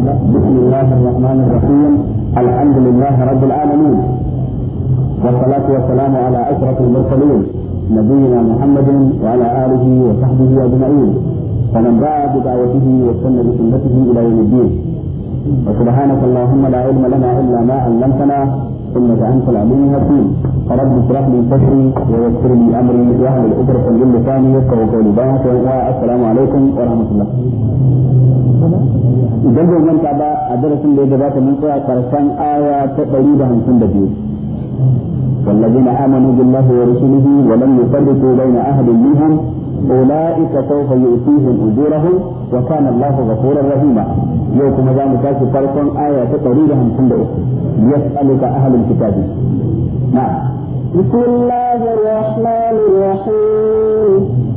بسم الله الرحمن الرحيم الحمد لله رب العالمين والصلاة والسلام على أشرف المرسلين نبينا محمد وعلى آله وصحبه أجمعين ومن دعا بدعوته واستنى بسنته إلى يوم الدين وسبحانك اللهم لا علم لنا إلا ما علمتنا إنك أنت العليم الحكيم فرب اشرح لي صدري ويسر لي أمري واهل الأسرة كل لساني يفقهوا قولي بارك السلام عليكم ورحمة الله idan bai manta ba a darasin da ya gabata mun tsaya karshen aya ta ɗari da hamsin da biyu والذين آمنوا بالله ورسله ولم يفرقوا بين أحد منهم أولئك سوف يؤتيهم أجورهم وكان الله غفورا رحيما يوكم ذا مكاسي فرقا آية قريبة من سند يسألك أهل الكتاب نعم بسم الله الرحمن الرحيم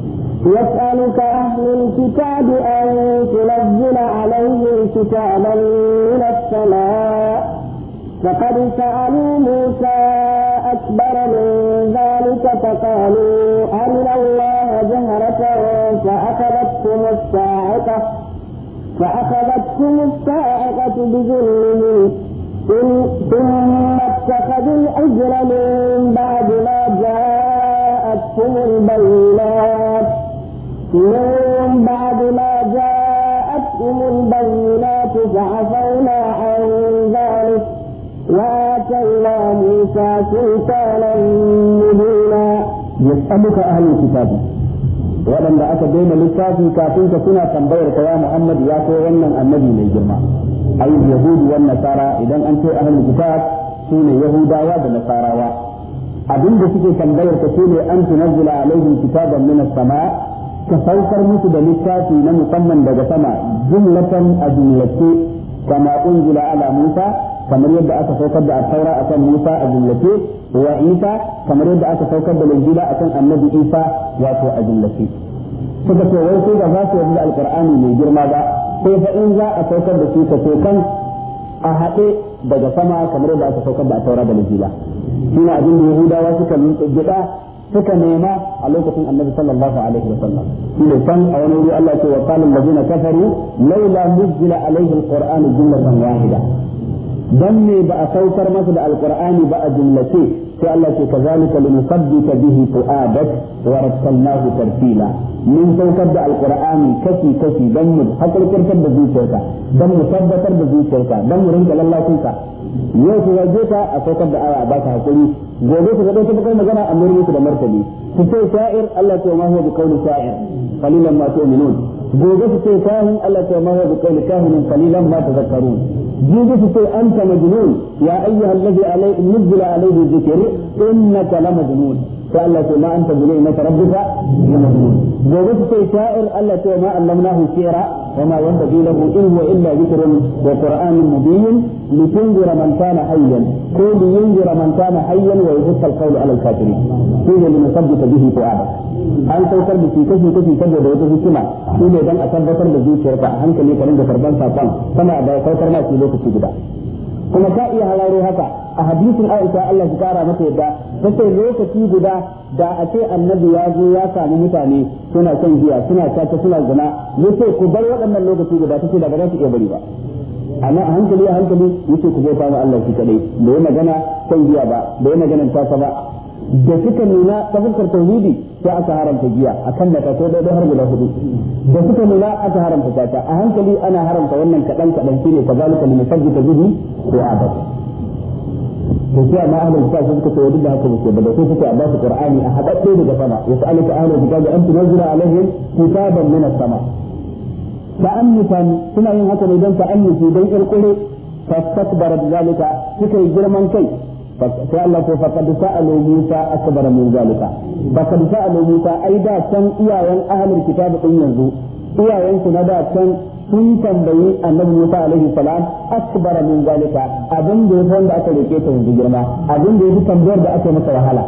يسألك أهل الكتاب أن تنزل عليهم كتابا من السماء فقد سألوا موسى أكبر من ذلك فقالوا أرنا الله جهرة فأخذتكم الصاعقة فأخذتكم الصاعقة بظلمهم ثم اتخذوا الأجر من بعد ما جاءتهم البينة من بعد ما جاءتهم البينات فعفونا عن ذلك وآتينا موسى سلطانا مبينا يسألك أهل الكتاب ولما أتى بين للكافي كافي كسنة تنبير يا محمد يا كورن النبي من الجماعة أي اليهود والنصارى إذا أنت أهل الكتاب سنة يهودا والنصارى أبين بسيكي تنبير كسنة أن تنزل عليهم كتابا من السماء ka saukar musu da littafi na musamman daga sama jumlatan a jumlace kama unzila ala Musa kamar yadda aka saukar da a akan Musa a jumlace wa Isa kamar yadda aka saukar da a akan Annabi Isa wato a jumlace suka ce wai sai ga za su yarda alkur'ani mai girma ba sai fa in za a saukar da su ka ce kan a haɗe daga sama kamar yadda aka saukar da asaura da Injila shine abin da Yahudawa suka gida suka nema a lokacin annabi sallallahu alaihi wa sallam shi ne san a wani wuri Allah ce wa qala allazina kafaru laula nuzila alaihi alqur'anu jumlatan wahida dan me ba a saukar masa da alqur'ani ba a jumlace sai Allah ce kazalika linusabbita bihi fu'adak wa rattalnahu tartila mun saukar da alqur'ani kashi kashi dan mu hakurkurtar da zuciyarka dan mu tabbatar da zuciyarka dan mu rinka ka. yau su zage ta a saukar da aya a ba ta hakuri gobe su zaɗo ta bakar magana a murmusu da martani su ce sha'ir Allah ce ma huwa bi qawli sha'ir qalilan ma tu'minun gobe su ce kahin Allah ce ma huwa bi qawli kahinin qalilan ma tadhakkarun gobe su ce anta majnun ya ayyuhal ladhi alayhi nuzila alayhi dhikru innaka lamajnun sai Allah ce ma anta bi ni'mati rabbika gobe su ce sha'ir Allah ce ma allamnahu shi'ra wa ma yanbaghi lahu in huwa illa dhikrun wa qur'anun mubin litunzira man kana hayyan ko liyunzira man kana hayyan wa yuhqa al-qawlu 'ala al-kafirin shi ne linuthabbita bihi fu'ada an saukar da kashi kashi saboda wata hikima shi ne dan a tabbatar da zuciyarka a hankali kan da karban sakon sama da saukar ma shi lokaci guda kuma ka iya halaro haka a hadisin Aisha Allah ya kara mata yadda kace lokaci guda da a ce annabi ya zo ya samu mutane suna son giya suna caca suna zina yace ku bar waɗannan lokaci guda ce da ba za su iya bari ba amma a hankali a hankali yace ku bauta ma Allah shi kadai bai magana son giya ba bai magana tasa ba da suka nuna ta fuskar tauhidi sai aka haramta giya a kan mata ko daidai har guda hudu da suka nuna aka haramta ta a hankali ana haramta wannan kaɗan kaɗan shine kazalika limusajjita bihi ko abad to shi amma ahlul kitab suka ce wadin da haka muke ba da sai suka ba su qur'ani a haɗaɗɗe daga sama wa sa alaka ahlul kitab an tunzila alaihim kitaban min as-sama ta'annufan suna yin haka ne don ta'annufi don irkure fastakbara zalika suka yi girman kai sai Allah ko faqad sa'alu Musa akbara min zalika faqad sa'alu Musa ai da can iyayen ahlul kitab din yanzu iyayen su na da san. sun tambayi annabi Musa alaihi salam akbar min zalika abin da yafi wanda aka rike ta yanzu girma abin da yafi tambayar da aka masa wahala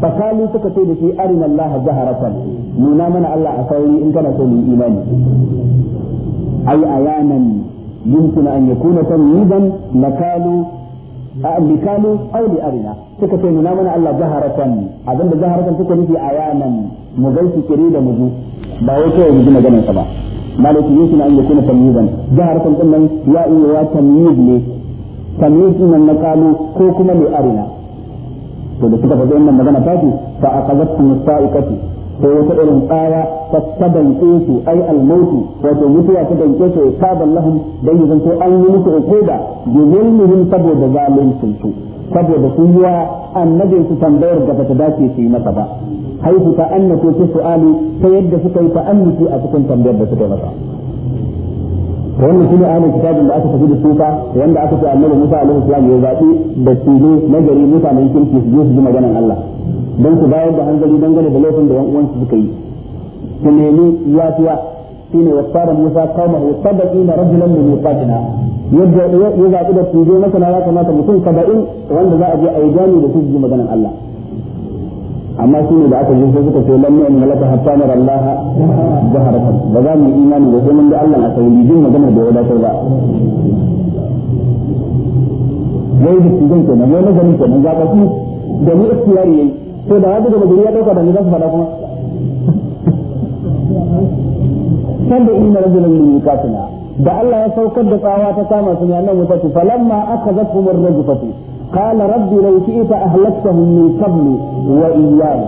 fakali suka ce da shi arin Allah jaharatan nuna mana Allah a sauri in kana so mu imani ay ayanan yumkin an yakuna tamyidan lakalu likalu aw li arina suka ce nuna mana Allah jaharatan abin da jaharatan suka nufi ayanan mu gaishe kire da mu ba wai kawai mu ji maganar sa ba malaki yusuf an kuna tamyizan jihar kan din nan ya ne tamyiz din nan na kalu ko kuma li arina to da suka faɗi wannan magana ta ce fa aqazatu musaiqati ko wata irin tsaya ta tabanke su ai almautu wato mutuwa ta danke su ya kaban lahum dan yanzu an yi musu ukuba bi zulmihim saboda zalincin su saboda sun yi wa annabin su tambayar da bata dace su yi masa ba haihu ta annako su Ali ta yadda suka yi mutu a cikin tambayar da suka yi masa wannan shine ahlul kitabin da aka tafi da suka wanda aka ce annabi Musa alaihi salam ya zabi da tilo na gari mutanen kirki su je su ji maganar Allah don su bayar da hanzari dangane da laifin da yan uwansu suka yi su nemi yafiya shine wasara Musa qaumahu sabaqina rajulan min miqatina yadda ya zaɓi da tuje masana ya kamata mutum saba'in wanda za a je a yi gani da su maganan Allah amma shi ne da aka zo sai suka ce lam yu'min laka hatta nara Allah jaharatan ba za mu imani da sai mun ga Allah a sauri jin magana da ya wadatar ba yayi da cikin ke nan wani gani ke nan ga kasu da ni ikhtiyari yayi Sai da wanda da gari ya ɗauka da ni za su fada kuma sanda inna rajulan min yuqatina da Allah ya saukar da tsawa ta kama su ne annabi Musa ce falamma akhadathum ar-rajfatu qala rabbi law shi'ta ahlaktahum min qabli wa iyyaya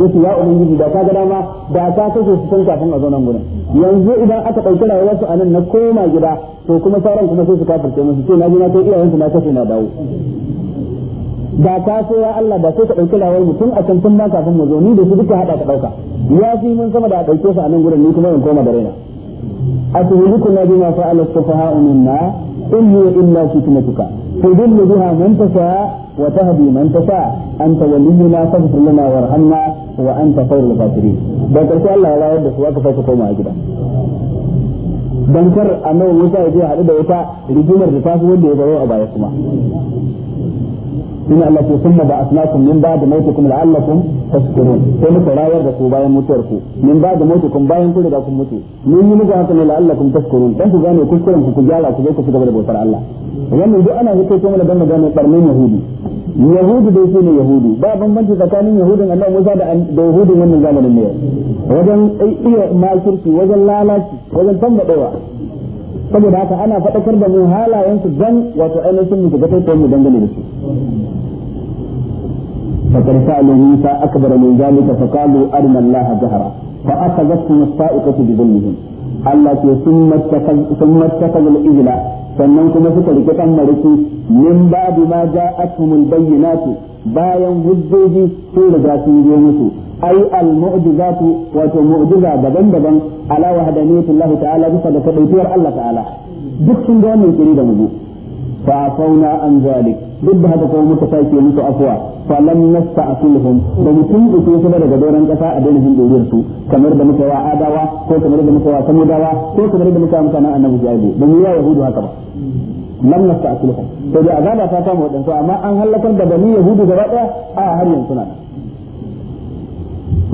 yace ya ubangiji da kaga dama da ka kace su kafin a zo nan gurin yanzu idan aka dauki rayuwar su anan na koma gida to kuma sauran kuma sai su kafirce musu ce na ji na ta iyayen su na kace na dawo da ka so ya Allah da sai ka dauki rayuwar mu tun a can tun ma kafin mu zo ni da su duka hada ka dauka ya fi mun sama da a dauke su a nan gurin ni kuma in koma da raina أتهلكنا بما فعل السفهاء منا إن هي إلا فتنتك تضل بها من تشاء وتهدي من تشاء أنت ولينا فاغفر لنا وارحمنا وأنت خير الغافرين بل إن شاء الله لا يدرس وقفة تقوم أجرا dan kar annabi Musa ya je haɗu da wata rigimar da ta fi shine Allah ke ba da asnakum min ba'da mautikum la'allakum tashkurun sai muka rayar da ku bayan mutuwar ku min ba'da mautikum bayan ku da kun mutu mun yi muku haka ne la'allakum tashkurun dan ku gane kuskuren ku ku gyara ku zo ku gaba da bautar Allah wannan duk ana yi kai mana dan magana barnin yahudi yahudi dai shine yahudi ba bambanci tsakanin yahudin Allah Musa da da yahudin wannan ne wajen iya makirci wajen lalaci wajen tambadewa saboda haka ana faɗakar da mu halayensu dan wato ainihin mu shiga taitayen mu dangane da su فقد سألوا موسى أكبر من ذلك فقالوا أرنا الله جهرا فأخذتهم الصائقة بظلمهم التي ثم اتخذ ثم اتخذ الإجل sannan kuma suka rike kan mariki min babu ma bayan hujjoji sun riga sun zo musu ai al mu'jizatu wato mu'jiza daban-daban ala wahdaniyatillahi ta'ala bisa da kadaitiyar Allah ta'ala duk sun ga wannan kiri da mu fa fauna an zalik duk da haka kuma muka sake musu afwa fa lam nasta'kulhum da mutum da su daga doran kasa a dole hin doriyar su kamar da muka wa adawa ko kamar da muka wa samudawa ko kamar da muka wa mutanen annabi jihadi ba mu yi wa yahudu haka ba lam nasta'kulhum to da azaba ta kama wadansu amma an halakar da bani yahudu gaba daya a har yanzu na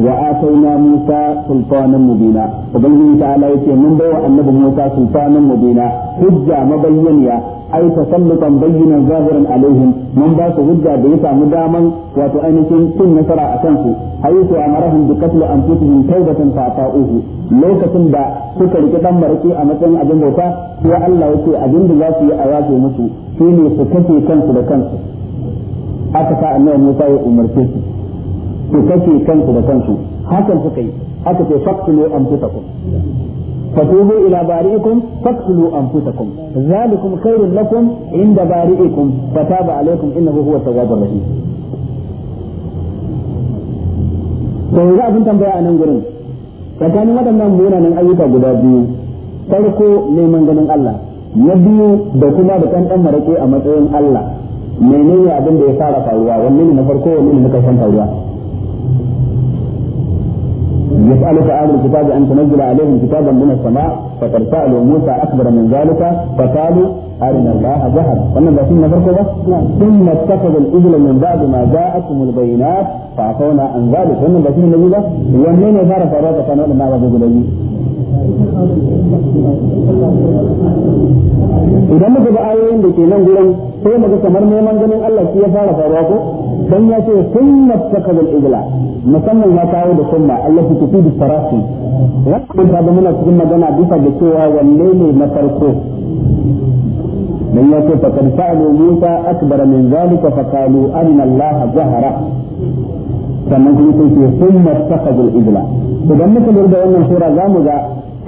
wa atayna musa sultanan mubina ubangiji ta'ala yace mun bai wa annabi musa sultanan mubina hujja mabayyaniya ai tasallutan bayyana zahiran alaihim mun ba su hujja da ya samu daman wato ainihin cin nasara a kansu haythu amarahum bi qatl anfusihim tawbatan fa uku. lokacin da suka rike dan maraki a matsayin abin bauta sai Allah yake abin da za su yi a yafe musu ne su kace kansu da kansu aka sa annabi Musa ya umarce su su kace kansu da kansu hakan suka yi aka ce faqtulu anfusakum فتوبوا إلى بارئكم فاقتلوا أنفسكم ذلكم خير لكم عند بارئكم فتاب عليكم إنه هو التواب الرحيم za a abin tambaya a nan gurin tsakanin waɗannan munanan ayyuka guda biyu farko neman ganin Allah na biyu da kuma da ɗanɗan marake a matsayin Allah menene abin da ya fara faruwa wanne ne na farko wanne ne na karshen faruwa يسألك أهل الكتاب أن تنزل عليهم كتابا من السماء فقد سألوا موسى أكبر من ذلك فقالوا أرنا الله جهل ومن ذا ثم ثم اتخذوا الإبل من بعد ما جاءتهم البينات فأعطونا عن ذلك ومن ذا ثم نزل ومن يزار فرات كانوا لما وجدوا لي إذا muka ga ayoyin da ke nan gurin sai الله kamar neman dan ya ce sunna takal ijla musamman ya kawo da sunna Allah ki tafi da sarasi wannan ta da muna cikin magana bisa da cewa wanne ne na farko dan ya ce fa kan fa'alu Musa akbar min zalika fa qalu anna Allah zahara sannan kuma sai ce sunna takal ijla idan muka lura da wannan sura zamu ga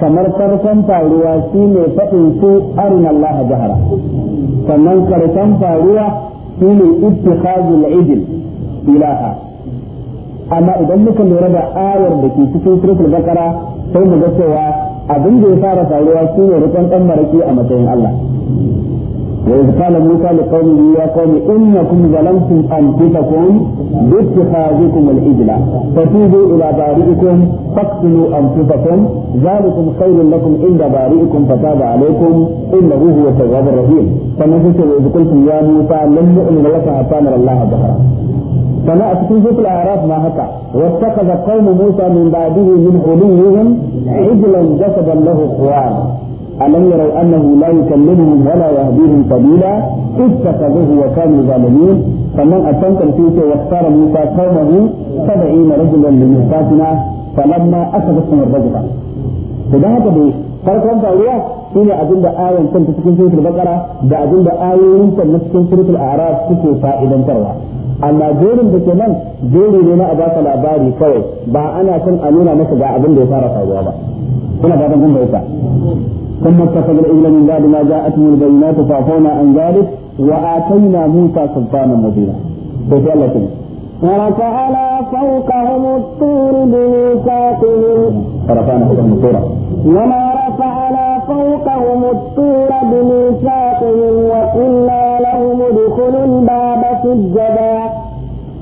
kamar farkon faruwa shine fadin su arina Allah jahara sannan karshen faruwa shine al idil ilaha amma idan muka lura da ayar da ke cikin suratul baqara sai mu ga cewa abin da ya fara faruwa shine rikon dan maraki a matsayin Allah وإذ قال موسى لقومه يا قوم إنكم ظلمتم أنفسكم باتخاذكم العجلة فتوبوا إلى بارئكم فاقتلوا أنفسكم ذلكم خير لكم عند بارئكم فتاب عليكم إنه هو التواب الرحيم فنزلت وإذ قلتم يا موسى لن نؤمن لك حتى نرى الله ظهرا فما أتكلم في الأعراف ما هكا واتخذ قوم موسى من بعده من عليهم عجلا جسدا له خوار ألم يروا أنه لا يكلمهم ولا يهديهم سبيلا اتخذوه وكانوا ظالمين فمن أتمت الفيت واختار موسى قومه سبعين رجلا لميقاتنا فلما أخذتهم الرجفة فده هكذا farkon faruwa shine abin da ayan kan cikin suratul baqara da abin da ayoyin kan na cikin suratul a'raf suke fa'idantarwa amma jerin da ke nan jeri ne na a baka labari kawai ba ana son a nuna masa ga abin da ya fara faruwa ba kuna fatan kun bayyana ثم اتخذ العجل من بعد ما جاءتهم البينات فعفونا عن ذلك وآتينا موسى سلطانا مبينا. على فوقهم الطور بميثاقهم ورفعنا فوقهم الطور وما رفعنا فوقهم الطور بميثاقهم وقلنا لهم ادخلوا الباب سجدا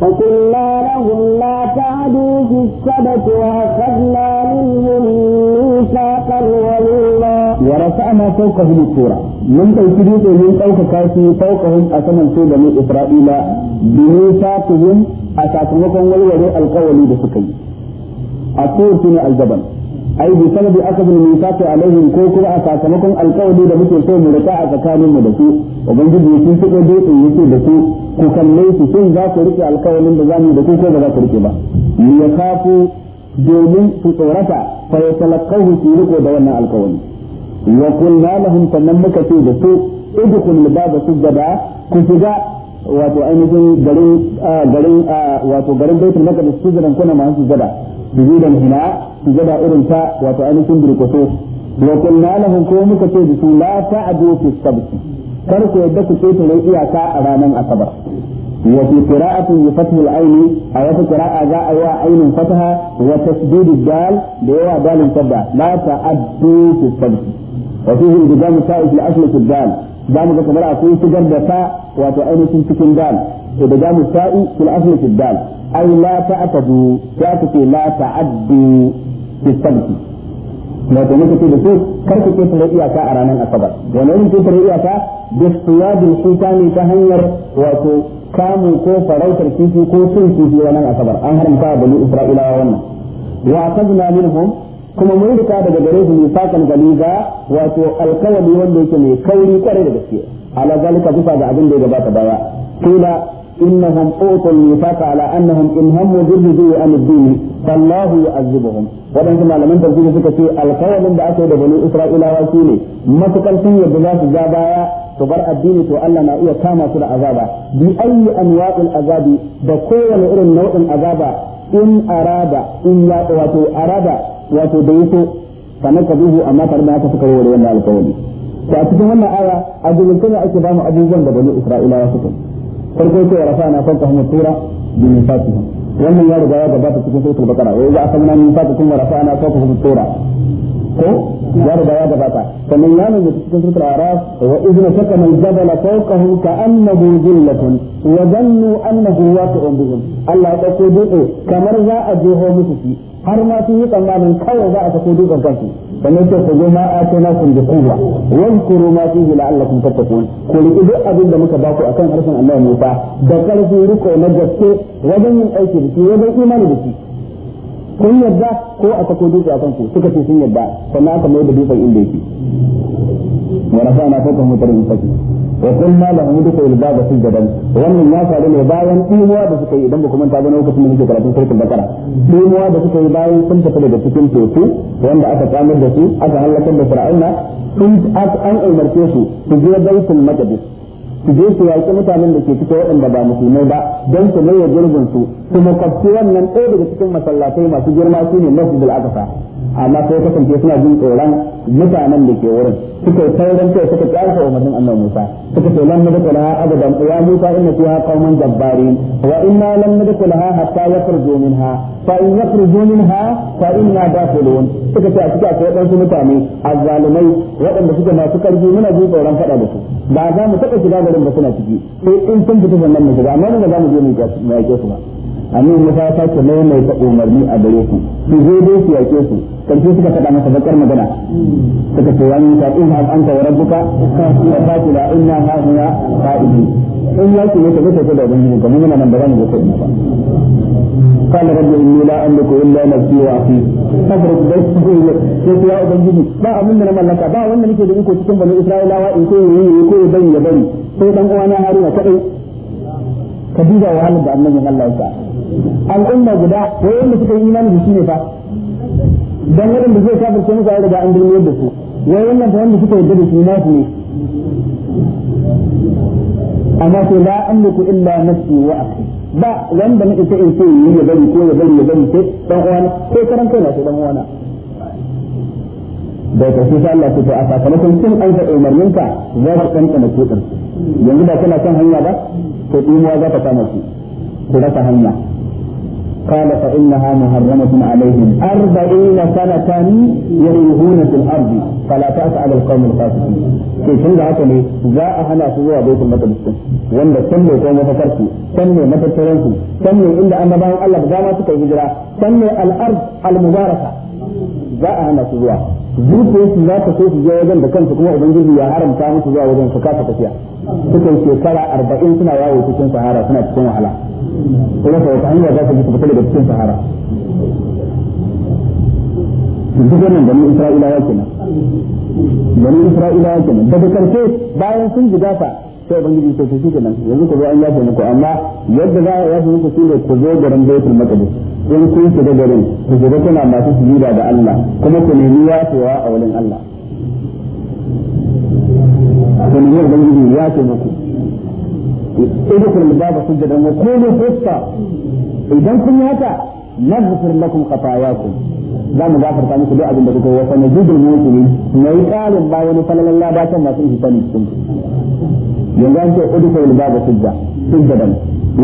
فقلنا لهم لا تعدوا في السبت واخذنا منهم ميثاقا غليظا ورفعنا فوقهم الطور من توكيد من فوق كاسي فوقهم أسمن سودا من إسرائيل بميثاقهم أساسمكم والوري القولي بسكي الطور سنة الجبل أي بسبب أخذ الميثاق عليهم كوكرا أساسمكم القولي بمثل سوء مرتاع فكان مدسو وبنجد يكون سوء ديت يكون دسو كوكاليس سن ذاك ركي القولي بزاني دسو كوكا ذاك ركي با ليخافوا domin su tsorata fa ya talakkahu su riko da wannan alkawari wa qulna lahum muka ce da su idkhulul wato ainihin garin garin wato garin baitul maqdis sujudan kuna ma sujada sujudan hina gada irin ta wato ainihin durkuso wa qulna lahum ko muka ce da su la ta'du fi sabti kar ku yadda ku ketare iyaka a ranar asabar وفي kira'a za a yi wa قراءة جاء عين فتحة وتسديد الدال بيوع دال tabba لا تعدوا في الصدق وفيه انضمام التاء في الاصل في الدال دام ga kamar akwai shigar da ta wato ainihin cikin dal to da damu sa'i fil asli fil dal ay la ta'tadu ya ce la ta'addu fi sabti wato muka ce da su kar ku ketare iyaka a ranar asabar wani irin ketare iyaka bi siyadul ne ta hanyar wato kamun ko farautar kifi ko cin kifi ranar asabar an haramta bani isra'ilawa wannan wa akadna minhum kuma mun rika daga gare su misakan galiza wato alkawari wanda yake mai kauri kwarai da gaske ala zalika bisa ga abin da ya gabata baya kila إنهم أوتوا الميثاق على أنهم إن هموا بالرجوع عن الدين فالله يعذبهم وبن كما لم suka ce القول da aka yi da bani Isra'ilawa shine ne matukar sun yadda za su ja baya bar addini to Allah na iya kama su da azaba bi ayi anwa'il azabi da kowane irin nau'in azaba in arada in ya wato arada wato da yaso fa na kabihu amma tare da haka suka yi wani wannan alƙawari to a cikin wannan aya a dukkan ake ba mu abubuwan da bani isra'ilawa suka farko ce rafa na fanka hamu tura bi mifatihim wannan ya riga ya gabata cikin suratul baqara wa idza akhadna kuma rafa na rafa'na fawqakum tura ko ya riga ya gabata sannan ya nuna cikin sutur araf wa idna saka man jabala fawqahu ka annahu zillatun wa zannu annahu waqi'un bihim Allah ya dauko dutse kamar za a je musu shi har ma sun yi tsammanin kawai za a sako dutsen kansu sannan ce ku zo ma a ce na kun ba kuwa wankuru ma fihi la'allakum tattaqun ku riƙi duk abin da muka ba ku akan harshen Allah Musa da ƙarfin riko na gaske wajen yin aiki da shi wajen imani da shi kun yadda ko a sako dutse a kanku suka ce sun yadda na aka mai da dutsen inda yake wa rafa'na mutar mutarin saki wa qulna lahum ba baba gadan wannan ya faru ne bayan dimuwa da suka yi idan ba kuma ta ga lokacin da muke karatun sarkin bakara dimuwa da suka yi bayan sun tafi daga cikin teku wanda aka samar da su aka hallakar da fir'auna sun an umarce su su je baitul maqdis su je su yaƙi mutanen da ke cike waɗanda ba musulmai ba don su maye gurbin su su makwabci wannan ɗaya daga cikin masallatai masu girma su ne masjid aka sa. amma sai kasance suna jin tsoron mutanen da ke wurin suka yi sauran kai suka ƙarfa umarnin Allah Musa suka ce lan nadu laha abadan ya Musa inna fiha qauman jabbarin wa inna lan nadu laha hatta yakhruju minha fa in yakhruju minha fa inna dakhilun suka ce a cikin akwai ɗansu mutane azzalumai waɗanda suke masu ƙarfi muna jin tsoron faɗa da su ba za mu taɓa shiga gari. kafirin ba suna ciki sai in sun fita sannan mu shiga amma ba za mu je mu yaƙe su ba annabi Musa ya mai ta umarni a gare su su zo dai su yaƙe su karshe suka faɗa masa bakar magana suka ce wani ta in ha an ka rabbuka fa fatila inna ha huna qa'idun in ya ce yake ta da ubangiji kamar muna nan ba za mu je ko ina ba قال رب إني لا أملك إلا نفسي وأخي saboda da shi zai yi sai ku ya ubangiji ba abin da na mallaka ba wanda nake da iko cikin bani isra'ilawa in ko yi ko bari ya bari sai dan uwana haruna kadai ka duba wahalar da annabi Allah ya sa al'umma guda wanda suka yi imani da shi ne fa dan da zai kafirce musu ai daga an dulmiyar da su wai wannan fa wanda suka yi da shi nasu ne amma sai la amliku illa nafsi wa akhi ba wanda na ita in ce yi ya bari ko ya bari ya bari sai dan uwana ko karan kai na sai dan uwana da karshe sa Allah ta ce a sakamakon kin an ga umarnin ka za ka kankana kudin yanzu ba kana kan hanya ba to dimuwa za ta kama shi ku rasa hanya قال فإنها محرمة عليهم أربعين سنة يريهون في الأرض fala ta asa alal qawmil fasiqin to da haka ne za a hana su zuwa baitul maqdis wanda san ne ko su san ne matattaran su san ne inda annabawan Allah da ma suka hijira san ne al-ard al-mubaraka za a hana su za ta su je wajen da kansu kuma ubangiji ya haramta musu zuwa wajen su kasa tafiya suka shekara arba'in suna yawo cikin sahara suna cikin wahala kuma ta wata hanya za su ji fita daga cikin sahara duk wannan da isra'ilawa kenan bani isra'ila ya kenan daga karshe bayan sun jigafa sai ban gidi sai shi kenan yanzu ku zo an yafe muku amma yadda za a yafe muku shine ku zo garin baitul maqdis in kun shiga garin ku shiga kuna masu sujuda da Allah kuma ku nemi yafewa a wurin Allah ku nemi ubangiji ya ce muku idkhul al-baba sujadan ko qulu qutta idan kun haka nazfir lakum khatayakum za mu gafarta muku duk abin da kuka yi wasa na jidul musulmi na yi ƙarin ba wani falalan ladatan masu sani cikin yanzu an ce udkhul al-baba sujda da.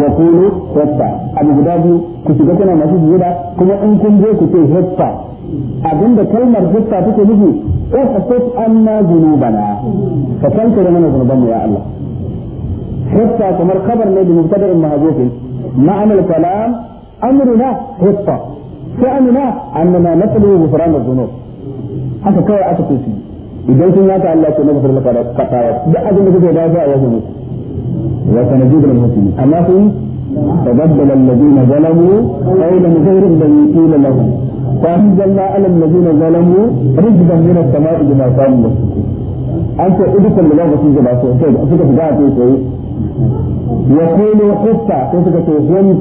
wa qulu hatta abu guda biyu ku shiga kuna masu guda kuma in kun je ku ce hatta abinda kalmar hatta take nufi ihsas anna dhunubana ka kankare mana zunuban mu ya Allah hatta kamar kabar ne da mubtada'in mahzufin ma'amal kalam amruna hatta na annana natalu ghufran adh-dhunub haka kawai aka ce idan sun yaka Allah ce maka da kada kafawa da abin da kuke da ba ya zama wa sanajidul muslimin amma sun tabaddal alladhina zalamu qawlan ghayra alladhi qila lahum فأنزلنا على الذين ظلموا رجبا من السماء بما كانوا يشركون أنت ادخل للغة جبا يقول كيف تقول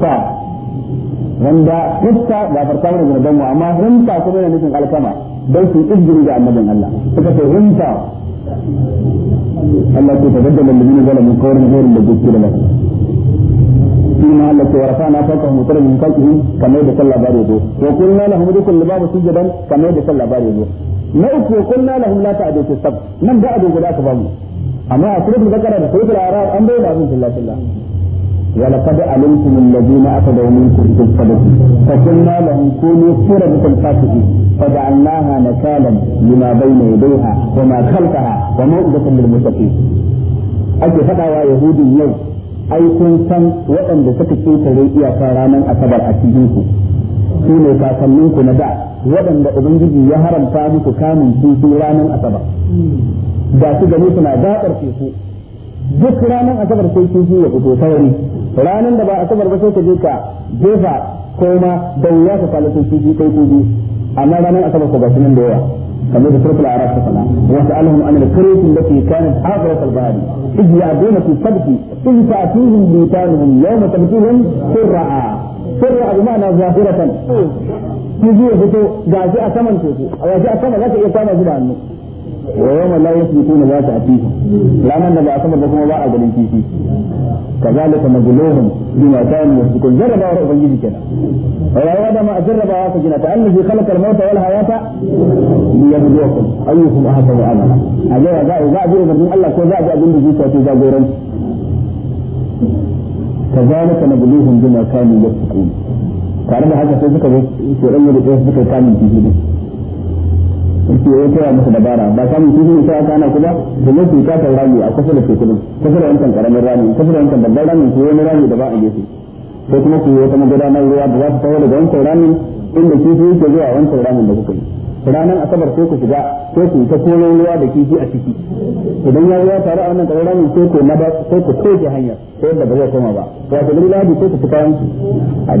wanda kusta ba farka mana zunuban mu amma rinta kuma yana nufin alkama don su ƙirgiri da annabin Allah suka ce rinta Allah ke tafadda da lalini zala mun kawar na horin da gaske da lafi shi ma Allah ce warafa na fata mu tare mun kalki kamar da sallah ba da to kullu lahum dukul babu sujudan kamar da sallah ba da na uku kullu lahum la ta'du sab nan ba a dogo da ka ba mu amma a surat al-baqara da surat al-a'raf an bayyana sun lillahi ولقد علمتم الذين أخذوا منكم في الصدق فقلنا لهم كونوا سورة فاسقين فجعلناها نكالا لما بين يديها وما خلفها وموعظة للمتقين ake faɗawa yahudin yau ai kun san waɗanda suka ƙetare iyakar ranar asabar a cikinku. ku su ne kakanninku na da waɗanda ubangiji ya haramta muku kamun kifi ranar asabar ga su gani teku duk ranar asabar sai kifi ya fito sauri ranan da ba a kamar ba sai ka je ka jefa koma da wuya ka kwana sun kifi kai kifi amma ranar asabar ko ba shi nan da yawa kamar da turkula a rasu sana wasu alhum an kare kirkin da ke kanin al albari iji ya dona su sun in ta atuhin bitanuhum yau matabtuhum sirra'a sirra'a bi ma'ana zahiratan kifi ya fito gashi a saman teku a gashi a saman za ka iya kwana zuba hannu wa yawma la yasbutuna za ta atihi ranan da ba a sama ba kuma ba a ganin kifi kazalika majluhum bima kanu kun jarraba wa ubangiji kenan rayuwa da ma a jarraba wa gina ta annabi khalaqa al-mauta wal hayata liyabluwakum ayyukum ahsanu amala a ga za a ga abin Allah ko za a ga abin da zuciya ta jagoranci كذلك نبلوهم بما كانوا يفسقون. تعرف هذا سيدك بس سورة اللي بتقول سيدك في جيبك. yake ya koya masa dabara ba samun kifi ne sai aka ana kuma domin su ta rami a kusa da tekunu kusa da wancan karamin rami kusa da wancan babban rami ko wani rami da ba a gefe ko kuma yi wata magudanar ruwa da za su tawo daga wancan ramin inda kifi yake zuwa wancan ramin da kuka yi ranar asabar sai ku shiga sai ku ta ruwa da kifi a ciki idan ya ruwa tare a wannan karamin ramin sai ku na sai ku hanyar sai yadda ba zai koma ba wato duk ladi sai ku fita yanki a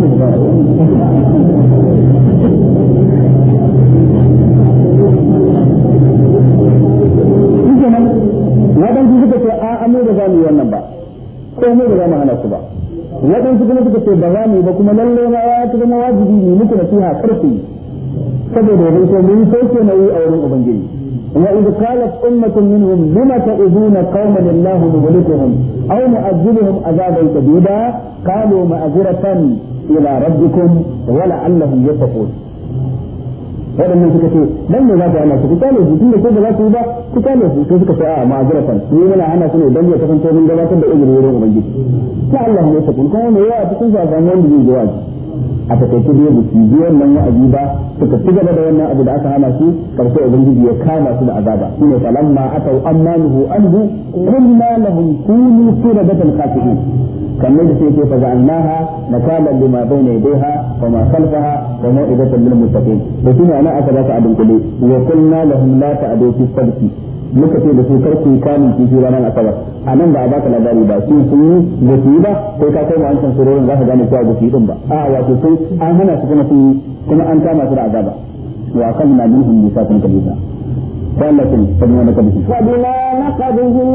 waɗansu suka ce a amma ba za mu yi wannan ba ko mu ba za mu hana su ba waɗansu kuma suka ce ba za mu yi ba kuma lalle ma ya ta zama wajibi ne muku nasiha kar ku yi saboda wani ko mun sauke nauyi a wurin ubangiji وإذ قالت أمة منهم لم تؤذون قوما الله مهلكهم أو مؤذبهم عذابا شديدا قالوا معذرة إلى allahu ولعلهم يتقون waɗannan suka ce dan ne za ku ana su ku kale su tunda ko ba za su yi ba ku kale su sai suka ce a ma'azratan ni muna hana su ne dan ya kasance mun gabatar da ilimi wurin ubangiji ta Allah ne sakun kuma me yawa cikin sa ga wanda zai jawabi a takaice dai da su biyu wannan wa'azi ba suka ci gaba da wannan abu da aka hana su karshe ubangiji ya kama su da azaba shine falamma atau ammanuhu anhu kullu lahum kunu siratan khashi'in kamar da ke yake fa ja'alnaha nakala lima bayna yadayha wa ma khalfaha wa mau'izatan lil da to shine ana aka ba ta abin kule wa qulna lahum la ta'du fi sabti muka ce da su karku kamun kifi ranar asabar a nan ba a baka labari ba su sun yi da su ba sai ka kai ma an can surorin za ka gane cewa ba su din ba a wato sai an hana su kuma sun yi kuma an kama su da azaba wa kan na minhum bisatun kabisa قال لكم فبما نقضهم فبما نقضهم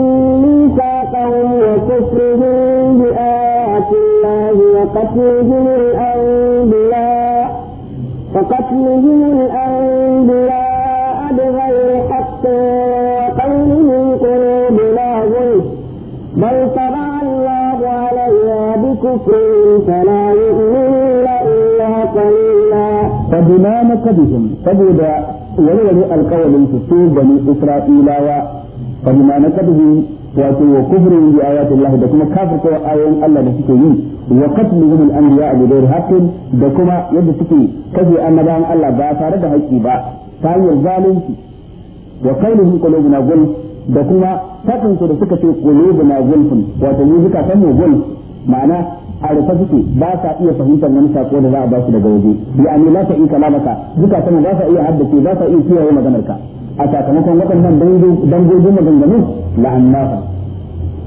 ميثاقا قوم وكفرهم بآيات الله وقتلهم الأنبياء وقتلهم الأنبياء بغير حق وقولهم قلوبنا غلف بل طبع الله عليها بكفرهم فلا يؤمنون إلا قليلا فبما نكبهم فبدا ولولي القول في بني إسرائيل فبما نكبهم wato wa kufrun bi ayati Allah da kuma kafirta ayoyin Allah da suke yi wa qatlihim al anbiya bi ghairi haqqin da kuma yadda suke kashe annabawan Allah ba tare da haƙƙi ba ta hanyar zalunci wa qawlihim qulubuna gulf da kuma fatan da suka ce qulubuna gulfun wato mu zuka san mu gulf ma'ana a rufe suke ba sa iya fahimtar wani sako da za a ba su daga waje bi an la ta in kalamaka zuka san ba sa iya haddace ba sa iya kiyaye maganarka a sakamakon waɗannan dangogin maganganun la'annafa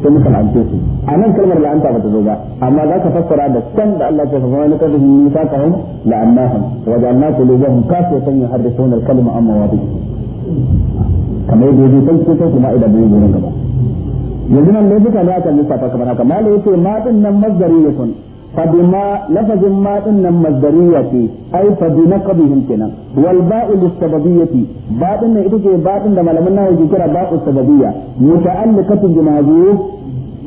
sai muka la'ance su a nan kalmar la'anta ba ta zo ba amma za ka fassara da san da Allah ta faɗa wani kada yi ta ka hun la'annahum wa ja'alna qulubahum qasiyatan yuharrifuna al-kalima amma wa bihi kamar yadda yake kan cikin kuma idan bai gurin gaba yanzu nan ne duka da aka lissafa kamar haka malai yace ma din nan mazdari yakun فبما لفظ ما إن المصدرية أي فبنقبهم كنا والباء للسببية باء إن إتجي باء إن لما لمنا وذكر باء السببية متعلقة بمعذور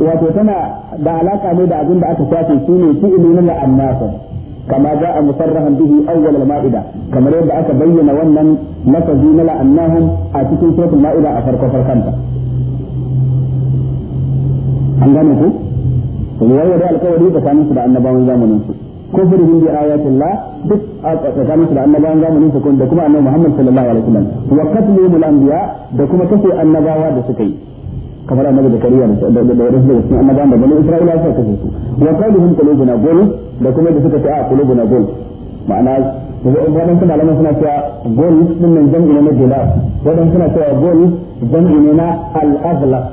وتتنا بعلاقة مدى أظن بأك ساتي سيني سئل من الناس كما جاء مصرحا به أول المائدة كما يبدأ أك بين ونن لفظي ملا أنهم أتكي سورة المائدة أفرق فرقانتا أنجانكم wai da alƙawari tsakanin su da annabawan zamanin su kufrihim bi ayatillah duk a tsakanin su da annabawan zamanin su da kuma annabi Muhammad sallallahu alaihi wasallam wa qatlihim al-anbiya da kuma kashe annabawa da suka yi kamar annabi da kariya da da da da cikin annabawan da bani Isra'ila suka kashe su wa qatlihim qulubuna gol da kuma da suka ce a ah, qulubuna gol ma'ana waɗansu malaman suna cewa gol din nan jam'i ne na gilaf waɗansu suna cewa gol jam'i ne na al-aghlaq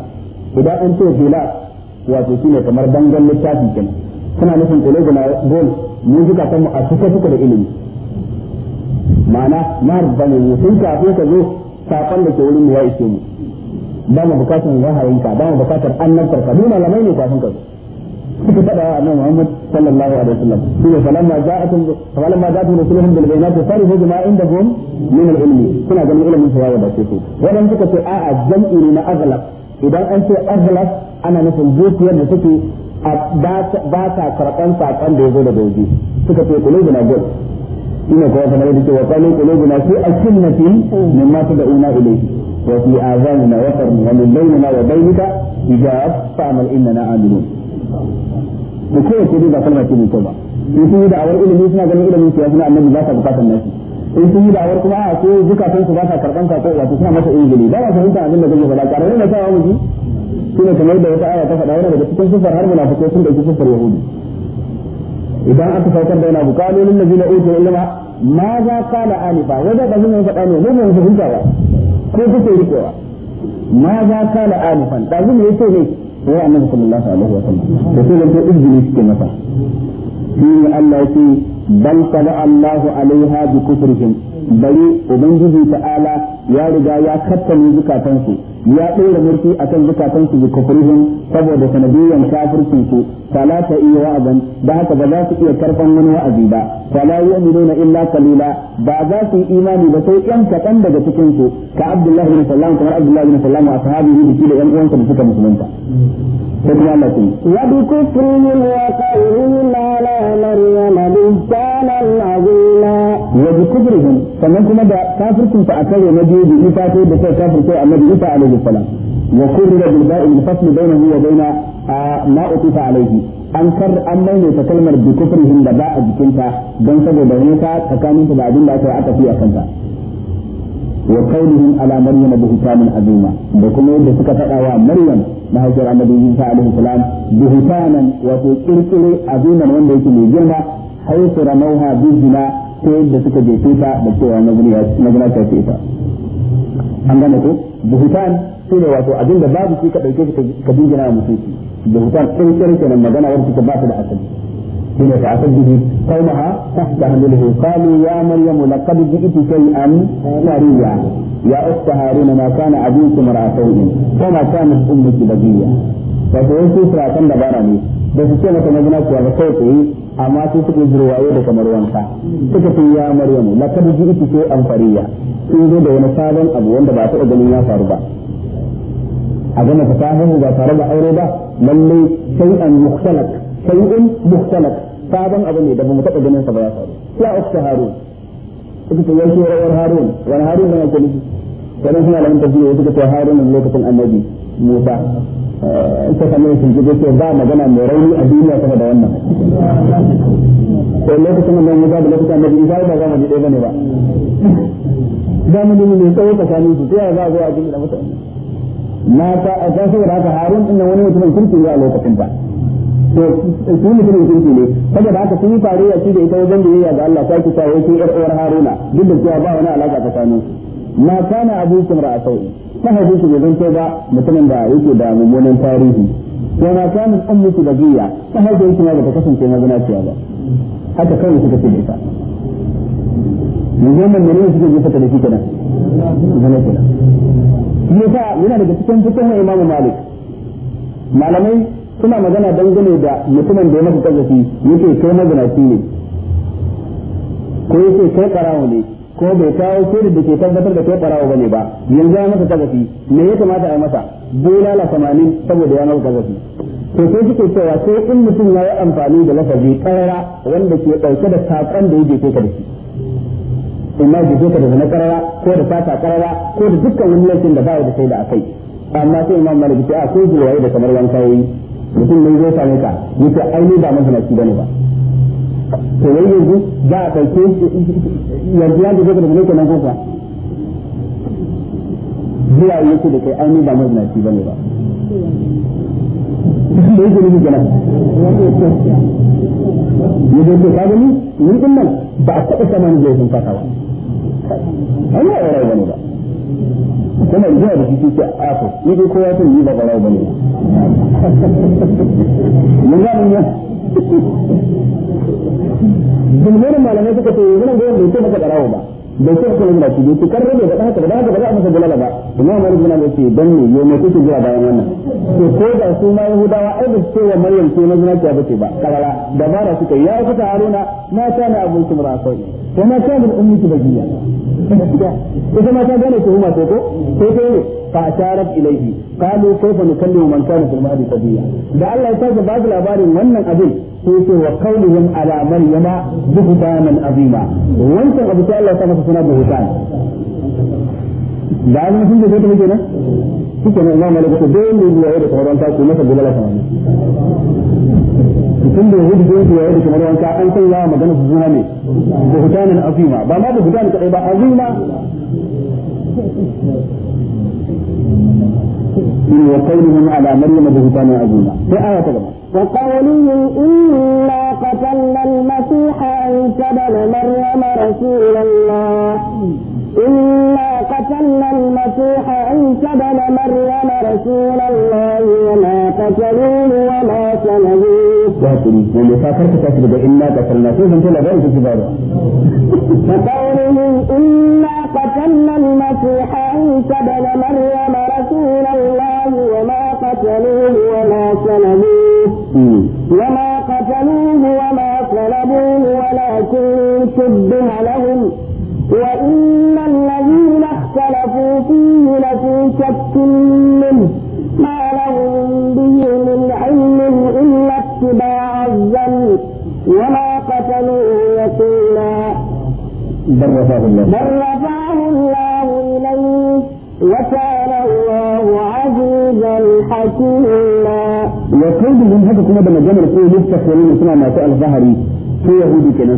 idan an ce gilaf wato shine kamar bangon littafi kenan suna nufin na gol mun zuka kanmu a suka suka da ilimi ma'ana mar bane mu sun kafin ka zo sakon da ke wurin mu ya ishe mu ba mu bukatar wahayinka ba mu bukatar annabtar ka duna lamai ne kafin ka zo suka faɗa wa annabi Muhammad sallallahu alaihi wasallam shine falamma ja'atun falamma ja'atun rasuluhum bil bayinati sarifu bima indahum min al-ilmi suna ganin ilimin su ya wadace su wadan suka ce a'a jam'i ne na aghlab idan an ce aghlaq ana nufin zuciyar da take ba ta karɓan saƙon da ya zo daga waje suka ce na gol ina kuma kamar da ke wa kwallo kulubuna fi akinnatin min ma ta da'una ilayhi wa fi azanina wa qarn wa min bainina wa bainika hijab fa'mal innana amilun da kowace dai ba kalma ce mai kyau ba in sun yi da'awar ilimi suna ganin ilimin siyasa na annabi ba ta bukatar nasi in sun yi da'awar kuma a ce zukatan su ba sa karɓan sako wato suna masa injili ba ya fahimta abin da zai faɗa ƙarar da sawa muji shi ne kamar da wata aya ta faɗa wani daga cikin sufar har munafikai sun ɗauki sufar yahudi idan aka saukar da yana buƙalolin da zina utu ilma ma za ka da alifa wajen da zina faɗa ne zai mai fahimta ba ko kuke riƙewa ma za ka da alifan ɗazin ya ce ne wa annabi sallallahu alaihi wa sallam da sai lantarki izini suke masa shine Allah yake bal qala Allahu alaiha bi kufrihim bari ubangiji ta'ala ya riga ya kattale zukatansu ya ɗora murfi akan zukatansu bi kufrihim saboda sanadiyyan kafircin su fala ta iya wa'azan da haka ba za su iya karfan wani wa'azi ba fala yu'minuna illa qalila ba za su yi imani ba sai yan kaɗan daga cikin su ka abdullahi bin sallam kamar abdullahi bin sallam wa sahabihi da shi da yan uwansa da suka musulunta sai kuma Allah sai wa bi kufrihim wa qawlihim ala maryam bisanan azima wa bi kufrihim sannan kuma da kafircin sa akare na biyu da ita da sai kafirce annabi Isa alaihi salam wa kurra bil ba'il fasl bainahu wa baina ma utifa alaihi an kar an ta kalmar bi kufrihim da ba a ta don saboda wuta tsakanin da abin da aka a aka fi a kanta wa qawlihim ala maryama bi hutamin azuma. da kuma yadda suka faɗa wa maryam na haifar mahaifiyar annabi Isa alaihi salam bi hutanan wato kirkire aziman wanda yake mai girma haisu ramauha bi zina ta yadda suka jefe ta da cewa mazina ta ce ita an gane ko bi hutan ne wato abin da babu su ka dauke shi ka dingina musulunci buhutan kirkir kenan magana wanda take ba da asali shine ta asali kaumaha tahta hamilihi qalu ya maryamu laqad ji'ti shay'an sariya ya ukhta haruna ma kana abuki mar'atayni kama kanat ummuki bagiya wato wasu suratan dabara ne da su ce mata mazina kuwa ba kai tsaye amma su suke jirwaye da kamar wanka suka ce ya maryamu laqad ji'ti shay'an fariya kin da wani sabon abu wanda ba ta ganin ya faru ba a gama fasahahu ba tare da aure ba lalle shay'an mukhtalaq shay'un mukhtalaq sabon abu ne da ba mu taɓa ganin sa ba ya faru ya ukta harun suka ce yanki rawar harun wani harun ne ake nufi wannan suna da lamun tafsiri suka ce harun ne lokacin annabi musa eh, ita kame sun ji ce ba magana mai rauni a duniya sama da wannan to lokacin da musa da lokacin annabi musa ba za mu ji ɗaya bane ba zamani ne mai tsawo tsakanin su sai ya za a zo a jini da mutane mata ta a ta saboda haka harun din wani mutumin kirki ne a lokacin ba to shi mutumin kirki ne saboda haka sun yi tarayya shi da ita wajen da yayya ga Allah sai ki sa wai shi uwar haruna duk da cewa ba wani alaka tsakanin su ma kana abukum ra'asai ta hadin shi bai zan ba mutumin da yake da mummunan tarihi wa ma kana da biya ta hadin shi ma ba ta kasance mazinaciya ba haka kawai suka ce da ita yanzu mun ne suke jefa ta da shi kenan zama kenan yasa yana daga cikin cikin wa imamu malik malamai suna magana dangane da mutumin da ya masa kazafi yake kai mazinaci ne ko yake kai karawo ne ko bai kawo shirin da ke tabbatar da kai karawo bane ba yanzu ya masa kazafi me ya kamata a yi masa bulala samanin saboda ya masa kazafi to sai suke cewa sai in mutum ya yi amfani da lafazi karara wanda ke ɗauke da saƙon da yake kai da shi Ina ma duka da na karara ko da fata karara ko da dukkan wani laifin da ba da sai da akai amma sai imam malik ce a ko jiwaye da kamar wanka yayi mutum ne zai same ka yace ai ni ba da bane ba to wai yanzu za a ɗauke yanzu ya jike duka da zina nan ko kuwa yi yake da kai ai ni ba mazinaci bane ba da yake nufi kenan ya zai ke ka gani ni din nan ba a taɓa saman zai sun ba an yi aure bane ba kuma zuwa da shi ke a ko ni dai kowa sun yi ba barai bane ba. mun ga mun ya jumhur malamai suka ce yanzu ga wanda yake maka barawo ba bai ce kuma yana shi bai karre bai faɗa haka ba haka ba za a masa bulala ba imam malik bin anas ce dan ne yau mai kuke zuwa bayan wannan to ko da su ma yahudawa ai ba su ce wa maryam ce na zina ce ba ce ba kawala dabara suka ya kuka haruna ma kana abun kumra sauki وما كان الأم بجيا إذا ما كان ذلك هما تقول تقول فأشارت إليه قالوا كيف نكلم من كان في المهد صبيا da Allah ya sake ba labarin wannan abin sai ce wa qaulihim ala maryama buhtanan azima wancan abu sai Allah ya saka suna buhtan da an sun da ta kenan kike nan Imam Malik ko dole ne ya yi da tsoron ta ko masa gulala ta tun da yahudu da yake yahudu kamar wanka an sanya magana su suna ne da hutanin azima ba ma da hutanin kadai ba azima من وقولهم على مريم بهتانا عظيما في آية كذا وقولهم إنا قتلنا المسيح عيسى بن مريم رسول الله إنا قتلنا المسيح عيسى بن مريم رسول الله وما قتلوه وما سلبوه hakuri daga inna qatalna sai zan tana ba ba inna qatalna al mafi isa ibn maryam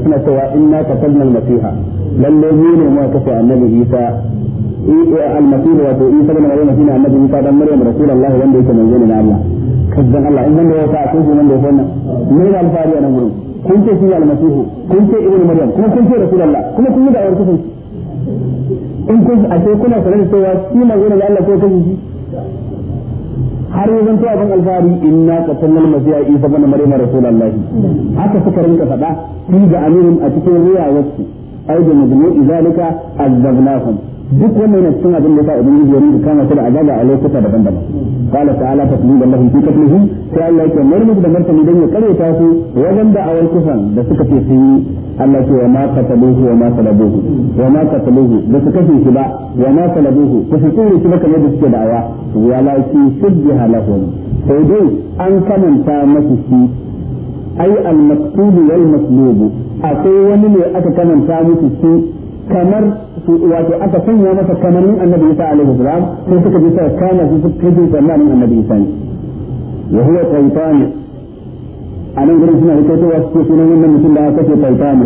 suna cewa inna qatalna al-masiha lalle mu ne mu kashe annabi Isa e, al-masih wato Isa ibn Maryam shine annabi Isa dan Maryam rasulullahi wanda yake manzo ne na Allah kazan Allah in wanda ya sa ko nan da wannan ne da alfari a nan gurin kun ce shi al kun ce ibn Maryam kuma kun ce rasulullah kuma kun yi da awar kusanci in kun a ce kuna sanar da cewa shi manzo ne Allah ko kashi shi har yi zanto abin alfahari inna ka sannan masiya isa bana maryama rasulullahi haka suka rinka faɗa fi ga amirin a cikin riya wasu ai da majmu'i zalika azzabnahum duk wannan yana cikin abin da yasa ubangiji ya rinka kama su da azaba a lokuta daban-daban qala ta'ala tasmin da lahum fi qatlihim ta Allah yake marmudu da martani dan ya ta su wajen da awal kusan da suka fi sun yi Allah ke wa ma qataluhu wa ma salabuhu wa ma qataluhu da suka kashe shi ba wa ma salabuhu ko su tsire shi ba kamar da suke da'awa walaki shubbiha lahum sai dai an kamanta masu shi ai al-maqtul wal maslub akwai wani ne aka kamanta musu shi kamar wato aka sanya masa kamannin annabi Isa alaihi salam sai suka ji sai kana su suka ji zamanin annabi Isa ne wa huwa taytan anan gurin suna rikaito wasu ce sunan wannan mutum da aka ce taytan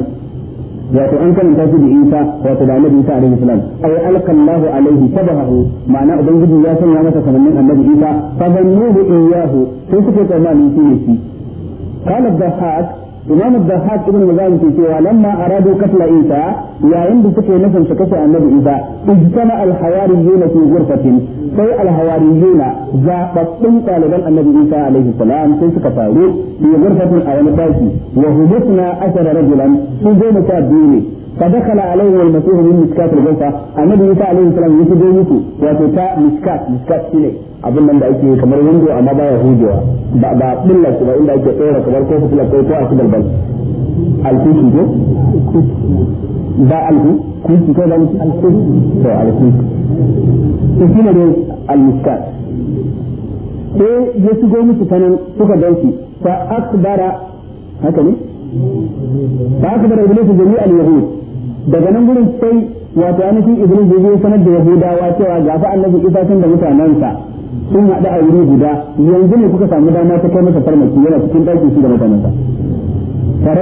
wato an karanta shi da Isa wato da annabi Isa alaihi salam ay alqallahu alaihi tabahu ma'ana ubangiji ya sanya masa kamannin annabi Isa fa zannuhu iyyahu sai suka tsammani shi ne shi qala dhahak imam al-dhahhak ibn mazahir ke cewa lamma aradu qatla isa yayin da suke nufin su kashe annabi isa ijtama al-hawariyuna fi ghurfatin sai al-hawariyuna zababbun ɗaliban annabi isa alaihi salam sai suka faru fi ghurfatin a wani daki wa hudithna ashara rajulan sun zo mu ta biyu فدخل عليه المسيح من مسكات الغوثة النبي يسا عليه السلام يسجد يسي وتتا مسكات مسكات شيني abin nan da ake kamar windo amma baya hujewa ba ba billar ba inda ake tsora kamar ko fitila ko ko aku dalbal alkuki ko ba alku kuki ba alkuki to alkuki to shine dai sai ya shigo musu suka dauki fa akbara haka ne yahud daga nan gurin sai wato ainihin iblis da zai sanar da yahudawa cewa gafa annabi isa tun da mutanensa sun haɗu a wuri guda yanzu ne kuka samu dama ta kai masa farmaki yana cikin ɗakin shi da mutanensa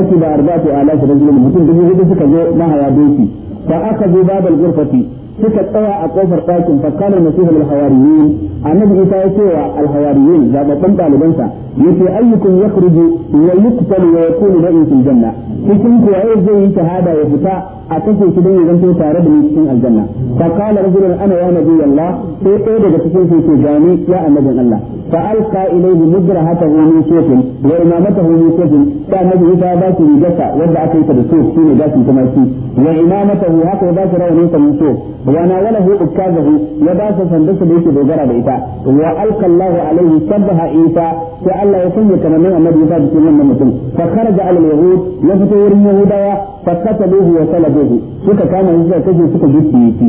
su da arba'atu alafi rajulun mutum dubu hudu suka zo mahaya doki fa aka zo babal gurfati suka tsaya a kofar ɗakin fakkanar masihu alhawariyin annabi isa ya cewa alhawariyin zababban ɗalibansa ya ayyukum yakhruju wa yuqtalu wa yakunu ra'in sun janna cikin kuwa zai yi shahada ya fita a kashe shi don zanto tare da ni cikin aljanna fa qala rajulun ana ya nabi Allah sai ɗaya daga cikin su ce gani ya annabin Allah fa alqa ilayhi mudrahatahu min shaytin wa imamatahu min shaytin da nabi ya ba shi rigarsa wanda aka yi ta da so shine gashin tumaki wa imamatahu haka ba shi rawanin sa min so wa nawalahu ukkazahu ya ba shi sandarsa da yake dogara da ita wa alqa Allah alayhi shabaha isa sai Allah ya sanya kamanin annabi ya ba jikin wannan mutum fa kharaja al-yahud ya fito wurin yahudawa فقتلوه وصلبوه suka kama shi suka kashe suka gicciye shi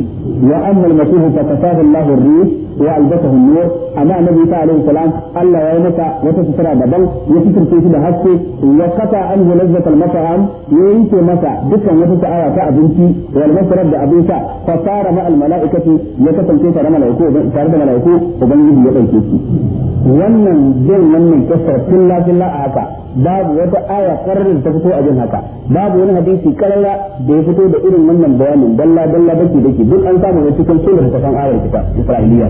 wa amma al-masih fa kasahu Allahu ar-rih wa albasahu an-nur amma annabi ta alaihi Allah ya masa wata sutura daban ya fitirce shi da haske wa qata anhu lazzat al-mat'am ya yanke masa dukkan wata ta'awa ta abinci wal masrab da abin sha fa sara ma al-mala'ikati ya kasance tare mala'iku tare da mala'iku ubangiji ya dauke shi wannan jin wannan kasar tilla tilla a haka babu wata aya karrin ta fito a jin haka babu wani hadisi nasi karara da ya fito da irin wannan bayanin dalla dalla baki dake duk an samu ne cikin sunan da san ayar kita Isra'iliya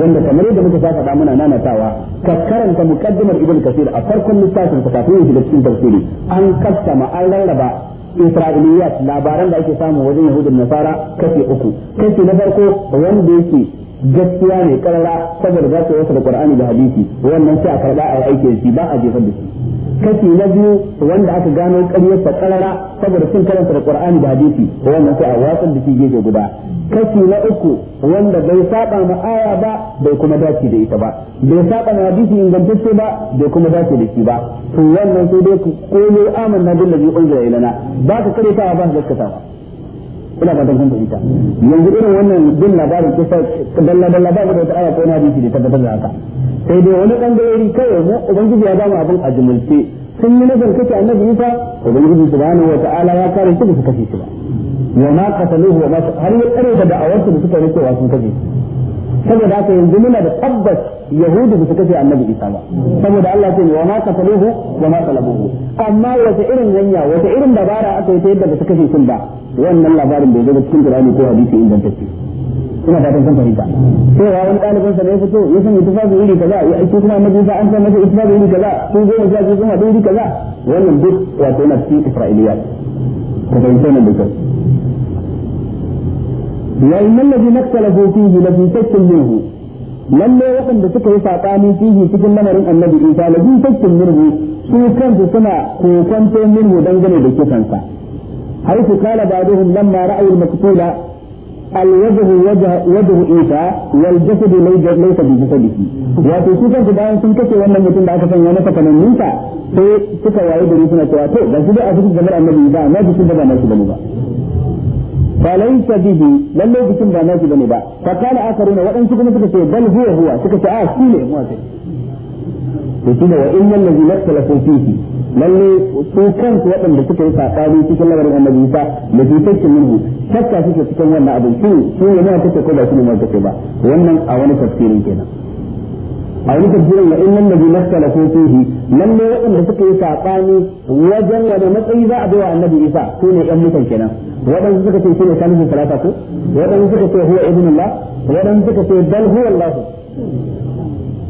wanda kamar yadda muka saka da muna nanatawa ka karanta muqaddimar ibn kasir a farkon littafin sa kafin da cikin tafsiri an ma an rarraba Isra'iliya labaran da ake samu wajen Yahudun Nasara kashi uku kashi na farko wanda yake gaskiya ne karara saboda za su wasu da qur'ani da hadisi wannan sai a karba a aike shi ba a jefar da shi kashi na biyu wanda aka gano ƙaryar ta karara saboda sun karanta da qur'ani da hadisi wannan sai a watsar da shi gefe guda kashi na uku wanda bai saba ma aya ba bai kuma dace da ita ba bai saba ma hadisi ingantacce ba bai kuma dace da shi ba to wannan sai dai ku kolo amanna billahi unzila ilana ba ka karetawa ba ka gaskatawa ina ba dan fahimta yanzu irin wannan bin labarin sai dalla dalla ba da ta'ala ko na hadisi da tabbatar da haka sai dai wani bangarori kai mu ubangiji ya ba mu abin a sun yi nazar kace annabi Isa ubangiji subhanahu wataala ya kare shi daga kashe shi ba wa ma qataluhu wa ma har ya kare da da'awar da suka rike wa sun kashe saboda haka yanzu muna da tabbas yahudu ba su kashe annabi isa ba saboda Allah ce wa ma kafaluhu wa ma salabuhu amma wata irin hanya wata irin dabara aka yi ta yadda ba su kashe sun ba wannan labarin bai zo ba cikin Qur'ani ko hadisi ingantacce ina fatan kun fahimta sai cewa wani ɗalibin sa ne ya fito ya san ittifaqi iri kaza ya aiki kuma annabi isa an san masa ittifaqi iri kaza sun goma sha biyu sun haɗu iri kaza wannan duk wato yana cikin Isra'iliyat ka fahimta ne da kyau وإن الذي اختلفوا فيه لفي شك منه lalle waɗanda suka yi saɓani fihi cikin lamarin annabi isa da bi fakkin murhu su kansu suna kokonto minhu dangane da kisansa حيث قال بعضهم ra'ayin رأوا المقتول wajahu isa wal عيسى والجسد ليس بجسده wato su kansu bayan sun kace wannan mutum da aka sanya masa kananninsa sai suka wayi gari suna cewa to ga su da a cikin gamar annabi a na jikin da ba na shi ba فليس به لم يكن بنا في بني با فقال آخرون وأن سكنا سكت بل هو هو سكت آه سيلة مواسك وكذا وإن الذي اختلفوا فيه lalle su kansu waɗanda suka yi saɓani cikin lamarin annabi Isa da jitaccen minhu shakka suke cikin wannan abin shi shi ne ma take ko ba shi ne ma take ba wannan a wani tafsirin kenan a wani tafsirin wa innan nabi nassala ko nan lalle waɗanda suka yi saɓani wajen wani matsayi za a bai wa annabi isa su ne ɗan mutan kenan waɗansu suka ce shi ne salisu salata ko waɗansu suka ce huwa ibnullah waɗansu suka ce bal huwa allah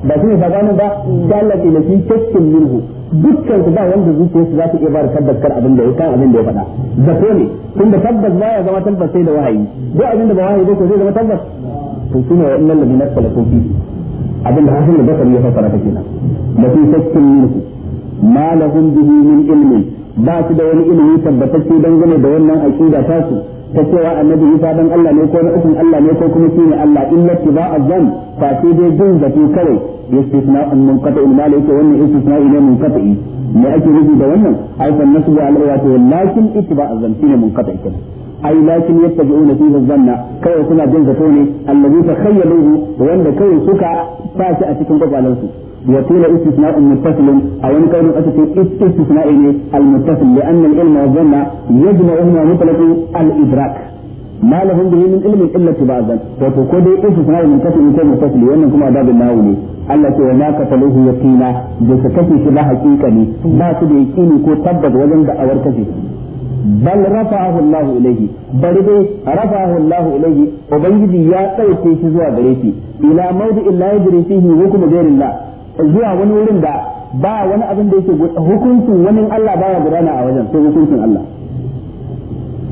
ba shi ne saɓanin ba ta Allah ke lafi cikin minhu dukkan su ba wanda zuciyarsu za su iya ba da tabbatar abin da ya kan abin da ya faɗa da ko ne tunda tabbas baya zama tabbas sai da wahayi duk abin da ba wahayi ba ko zai zama tabbas to da wa'annan ladina salafu fihi abin da hasan al-basri ya fassara ta kenan da fi shakkin mulki ma lahum bihi min ilmin ba su da wani ilimi tabbatacce dangane da wannan aqida ta su ta cewa annabi Isa dan Allah ne ko na ukun Allah ne ko kuma shine Allah illa tiba azan fa sai dai jin zato kawai istisna mun al-mal yake wannan istisna ne mun munqati me ake nufi da wannan ai fa nasu ala wa lakin ittiba azan shine munqati kenan ai lakin yattabi'una fihi zanna kawai suna jin zato ne allazi takhayyaluhu wanda kawai suka sa shi a cikin gwagwalansu وقيل استثناء متصل او ان كان استثناء المتصل لان العلم والظن يجمعهما مطلق الادراك ما لهم به من علم الا اتباع وتقول استثناء منقسم كان متصل وان كما باب الناوي Allah ce wa ma ka faluhu yaqina da ka kashe shi ba hakika ne su da yaqini ko tabbas wajen da awar bal rafa'ahu Allah ilayhi bari dai rafa'ahu Allah ilayhi ubangiji ya dauke shi zuwa gare shi ila mawdi'in la yadri fihi hukmu ghayrillah zuwa wani wurin da ba wani abin da yake hukuncin wani Allah baya gudana a wajen sai hukuncin Allah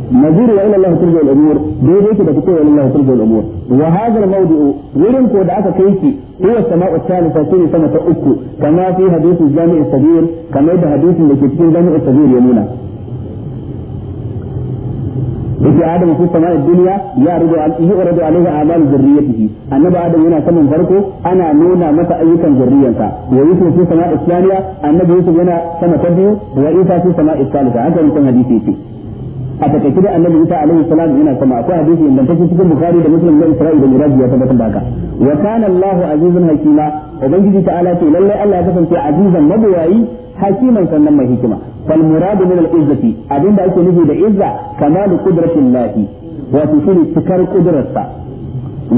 نجير وإلى الله ترجع الأمور دي ديك دا كتير وإلى الله ترجع الأمور وهذا الموضوع ورم كو دعاك كيكي هو السماء الثالثة سنة سنة أكو كما في حديث الجامع الصغير كما يدى حديث اللي الصغير يمينا yake adam fi sama'i dunya ya rubu al yuradu alaihi amal zurriyatihi annabi adam yana saman farko ana nuna masa ayyukan zurriyansa wa yusuf fi sama'i islamiya annabi yusuf yana sama ta biyu wa isa fi sama'i salisa haka ne kan hadisi yake a takaice da annabi Isa alaihi salam yana sama akwai hadisi ingantacce cikin Bukhari da Muslim da Isra'i da Miraji ya tabbatar da haka wa kana Allahu azizun hakima ubangiji ta'ala ce lalle Allah ya kasance azizan mabuwayi hakiman sannan mai hikima fal muradu min al izzati abinda ake nufi da izza kamalu qudratillahi wato shine cikar kudrarsa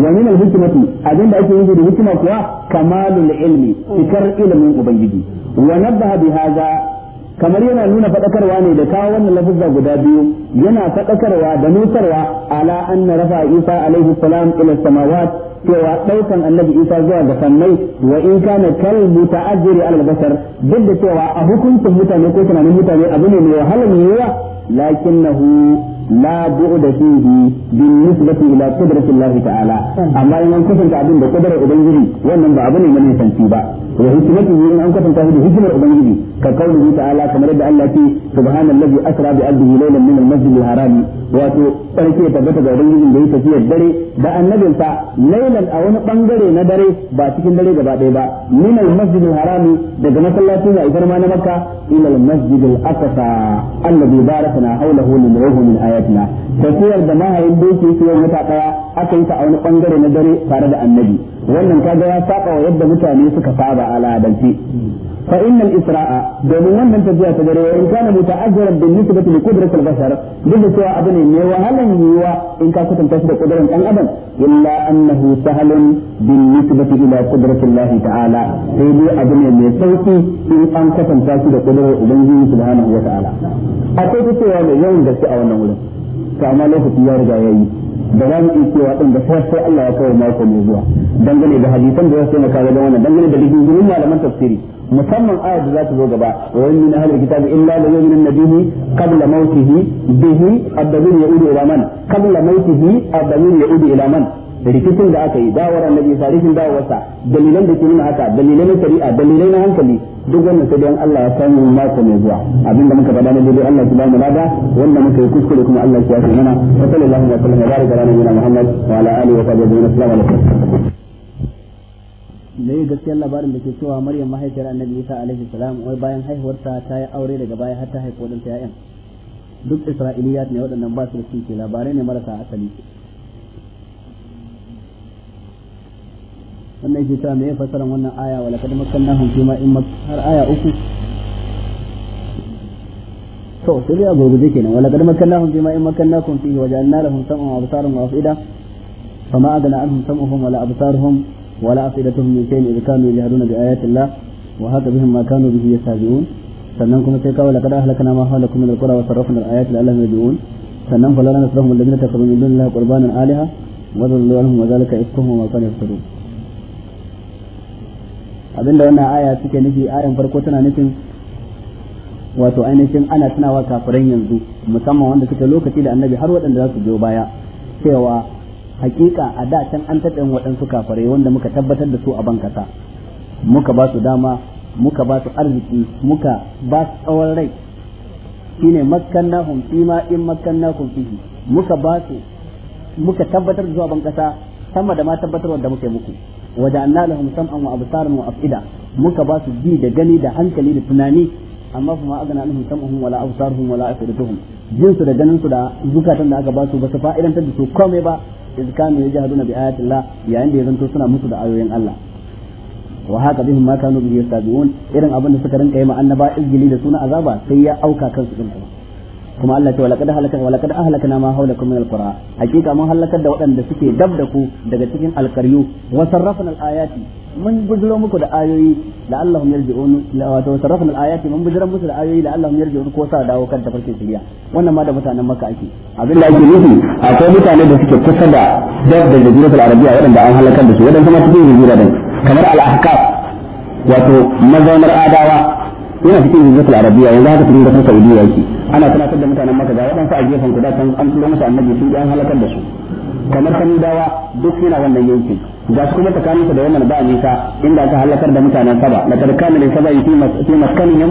wa min al hikmati abinda ake nufi da hikima kuwa kamalul ilmi cikar ilimin ubangiji wa nabaha bi kamar yana nuna faɗakarwa ne da kawo wannan lafuzza guda biyu yana faɗakarwa da nusarwa a anna rafa isa alaihi salam ila samawat cewa ɗaukan annabi isa zuwa ga fannai wa in kana kal muta'azziri al basar duk da cewa a hukuncin mutane ko tunanin mutane abu ne mai wahalar yiwa lakinnahu لا بعد فيه بالنسبة إلى قدرة الله تعالى أما إن أنكسر تعبين بقدرة أبنجري وأن بعضنا من يتنسيبا وهكمته إن أنكسر تعبين هجمة أبنجري كقوله تعالى كما رد الله سبحان الذي أسرى بأبده ليلا من المسجد الحرام wato sarki ya tabbata ga ubangijin da ya tafi dare da annabinsa lailan a wani bangare na dare ba cikin dare gaba ɗaya ba min al masjid al haram daga masallacin ya ifar ma na makka ila al masjid al aqsa alladhi barakna hawlahu lil min ayati tafiyar da mahayin doki yake yin wata daya aka yi ta a wani bangare na dare tare da annabi wannan kaga ya saba wa yadda mutane suka saba al'adance فإن الإسراء دومين من تجاه تجري وإن كان متأجرا بالنسبة لقدرة البشر ضد سواء أبني وهلا هو إن كان كنت تشد قدرا أن أبن إلا أنه سهل بالنسبة إلى قدرة الله تعالى سيدي أبني من سوتي إن أن كنت تشد قدرة أبنه سبحانه وتعالى أقول تسوى يوم ذلك أو نولا كما لو كنت يرجع يأيي da za mu iya cewa din da sai Allah ya kawo mako mai zuwa dangane da hadisan da ya sai maka ga wannan dangane da digin malaman tafsiri musamman ayat da za ta zo gaba wa yan min ahli kitab illa la yu'minu nabihi qabla mautihi bihi ad ya ya'udu ila man kabla mautihi ad ya ya'udu ila man rikicin da aka yi dawar annabi sarihin dawarsa dalilan da ke nuna haka dalilai na shari'a dalilai na hankali duk wannan sai dan Allah ya samu mako mai zuwa abinda muka faɗa na dai Allah ya ba mu lada wanda muka yi kuskure kuma Allah ya yi mana wa sallallahu alaihi wa sallam wa baraka ala nabiyyina Muhammad wa ala alihi wa sahbihi wa sallam me gaskiyar labarin da ke cewa maryam mahaifiyar annabi isa alaihi salam wai bayan haihuwarsa ta yi aure daga baya har ta haifi wadansa ya'yan duk isra'iliyat ne waɗannan ba su da suke labarai ne marasa asali wannan shi ta mai fasaran wannan aya wala kad makkannahum fi ma in har aya uku to sai ya gurguje kenan wala kad makkannahum fi ma in makkannakum fihi waja'alna lahum sam'an wa absaran wa afida fama agna anhum sam'uhum wala absaruhum ولا أفئدتهم من شيء إذ كانوا يجهلون بآيات الله وهاك بهم ما كانوا به يستهزئون sannan kuma sai kawai laqad ahlakna ma hawlakum min alqura wa sarrafna alayati la'allahum yarji'un sannan fa lana nasrahum alladhina kafaru min dunillahi qurbanan alaha wa dhallu anhum wa zalika ifkuhum ma abinda wannan aya suke nufi ayan farko tana nufin wato ainihin ana tunawa kafiran yanzu musamman wanda suke lokaci da annabi har waɗanda za su biyo baya cewa hakika a da can an yin waɗansu kafare wanda muka tabbatar da su a bankasa muka ba su dama muka ba su arziki muka ba su tsawon rai shine makanna hunfi ma in makanna hunfi muka ba su muka tabbatar da zuwa bankasa sama da ma tabbatar wanda muke muku waja'alna lahum sam'an wa absaran wa af'ida muka ba su bi da gani da hankali da tunani amma kuma agana anhum sam'uhum wala absaruhum a afidatuhum a su da ganin su da zukatan da aka ba su ba su fa'idantar da su komai ba iz kanu yajhaduna bi ayati Allah yayin da ya zanto suna musu da ayoyin Allah wa haka bihim ma kanu bi yastabiun irin abin da suka rinka yi ma annaba izgili da suna azaba sai ya auka kansu din kuma kuma Allah ce walaqad halaka walaqad ahlakna ma hawlakum min alqura hakika mun halakar da waɗanda suke dab da ku daga cikin alqaryu wa sarrafna alayati mun bujiro muku da ayoyi la Allahum yarji'un la wato sarrafna alayati mun bujiro muku da ayoyi la Allahum yarji'un ko sa dawo kan tafarkin shari'a wannan ma da mutanen Makka ake abin da ake nufi akwai mutane da suke kusa da dab da jaziratul arabiya waɗanda an halakar da su waɗanda kuma cikin jazira din kamar al-ahqaf wato mazaunar adawa yana cikin jinjatul arabiya yanzu haka cikin kasar saudiya yake ana tunatar da mutanen maka ga waɗansu a gefen ku da an turo musu annabi sun an halakar da su kamar dawa duk yana wannan yankin ga kuma tsakanin da yaman ba nisa inda aka halakar da mutanen saba la tarkana lin saba fi fi maskanihim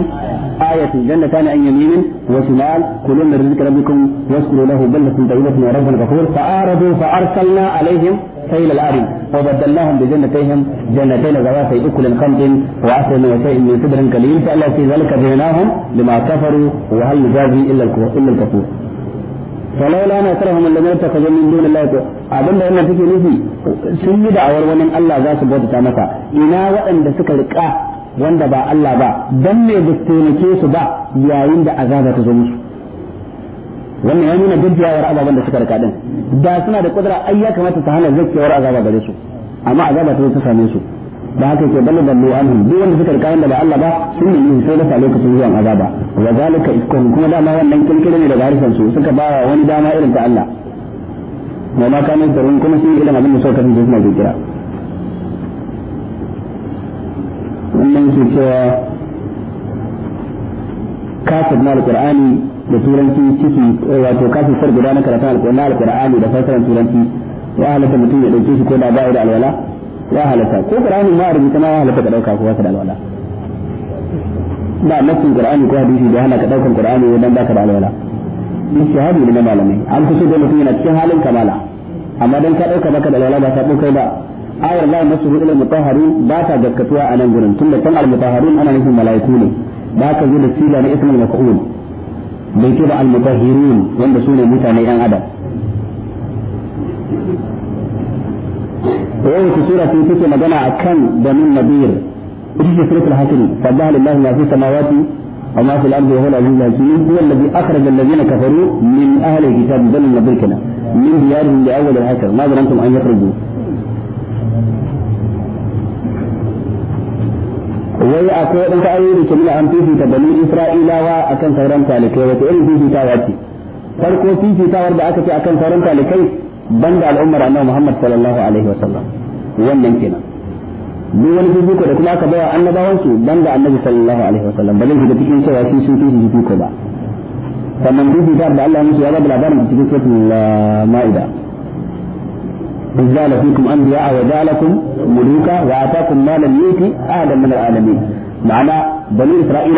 ayatun jannatan an yaminin wa shimal kullu min rizqi rabbikum washkuru lahu ballatun tayyibatun wa rabbun ghafur fa aradu fa arsalna alaihim سيل الأرض وبدلناهم بجنتيهم جنتين ذواتي أكل خمط وعسل وشيء من سدر قليل فألا في ذلك جزيناهم بما كفروا وهل يجازي إلا الكفور ولولا نصرهم الذين اتخذوا من دون الله abin da wannan take nufi sun yi da'awar wani Allah za su bauta masa ina waɗanda suka riƙa wanda ba Allah ba dan me ba taimake su ba yayin da azaba ta zo musu wannan ya nuna gaggawar azaban da suka riƙa din da suna da kudura ai ya kamata su hana zakkewar azaba gare su amma azaba ta zo ta same su da haka ke bala da lu anhu duk wanda suka rika wanda ba Allah ba sun yi sai da lokacin zuwan azaba wa zalika ikon kuma dama wannan kirkire ne daga harsan su suka ba wani dama irin ta Allah wa ma kana sarun kuma sun ilmin abin da suka kasance suna kira. wannan ke cewa kafir na alqur'ani da turanci ciki wato kafir sar guda na karatun alqur'ani da fasaran turanci ya halatta mutum ya dauke shi ko da ba da alwala ya halatta ko qur'ani ma rubuta ma ya halatta ka dauka ko ka da alwala ba nasin qur'ani ko hadisi da hana ka daukan qur'ani idan baka da alwala ni shahadi ne malami malamai an kusa da mutum yana cikin halin kamala amma dan ka dauka baka da alwala ba sabon kai ba ayar la masu ila mutahharin ba ta gaskatuwa a nan gurin tunda kan al-mutahharin ana nufin malaiku ne ba ka zo da sila na ismul maf'ul bai ce ba al-mutahhirin wanda sune mutane yan adam وإن سورة تيكي مجمع كان بمين نبير في سورة الحاكم فالله لله ما في السماوات وما في الأرض وهو العزيز الحكيم هو الذي أخرج الذين كفروا من أهل الكتاب بل النبير كنا من ديارهم لأول الحكر ما ظننتم أن يخرجوا وي أكو أنت أيضا كمين أن تيكي تبني إسرائيل وأكن سورة تالكي وتألي تيكي تاواتي فالكو تيكي تاورد أكتي أكن سورة تالكي banda al'ummar annabi Muhammad sallallahu alaihi wasallam wannan kenan duk wani fifiko da kuma aka bawa annabawan su banda annabi sallallahu alaihi wasallam ba zai shiga cikin cewa shi sun fi fifiko ba sannan duk da da Allah musu ya bada labarin cikin suratul ah, maida إذا لكم أنبياء وجعلكم ملوكا وآتاكم ما لم ma'ana أحدا من العالمين معنى بني إسرائيل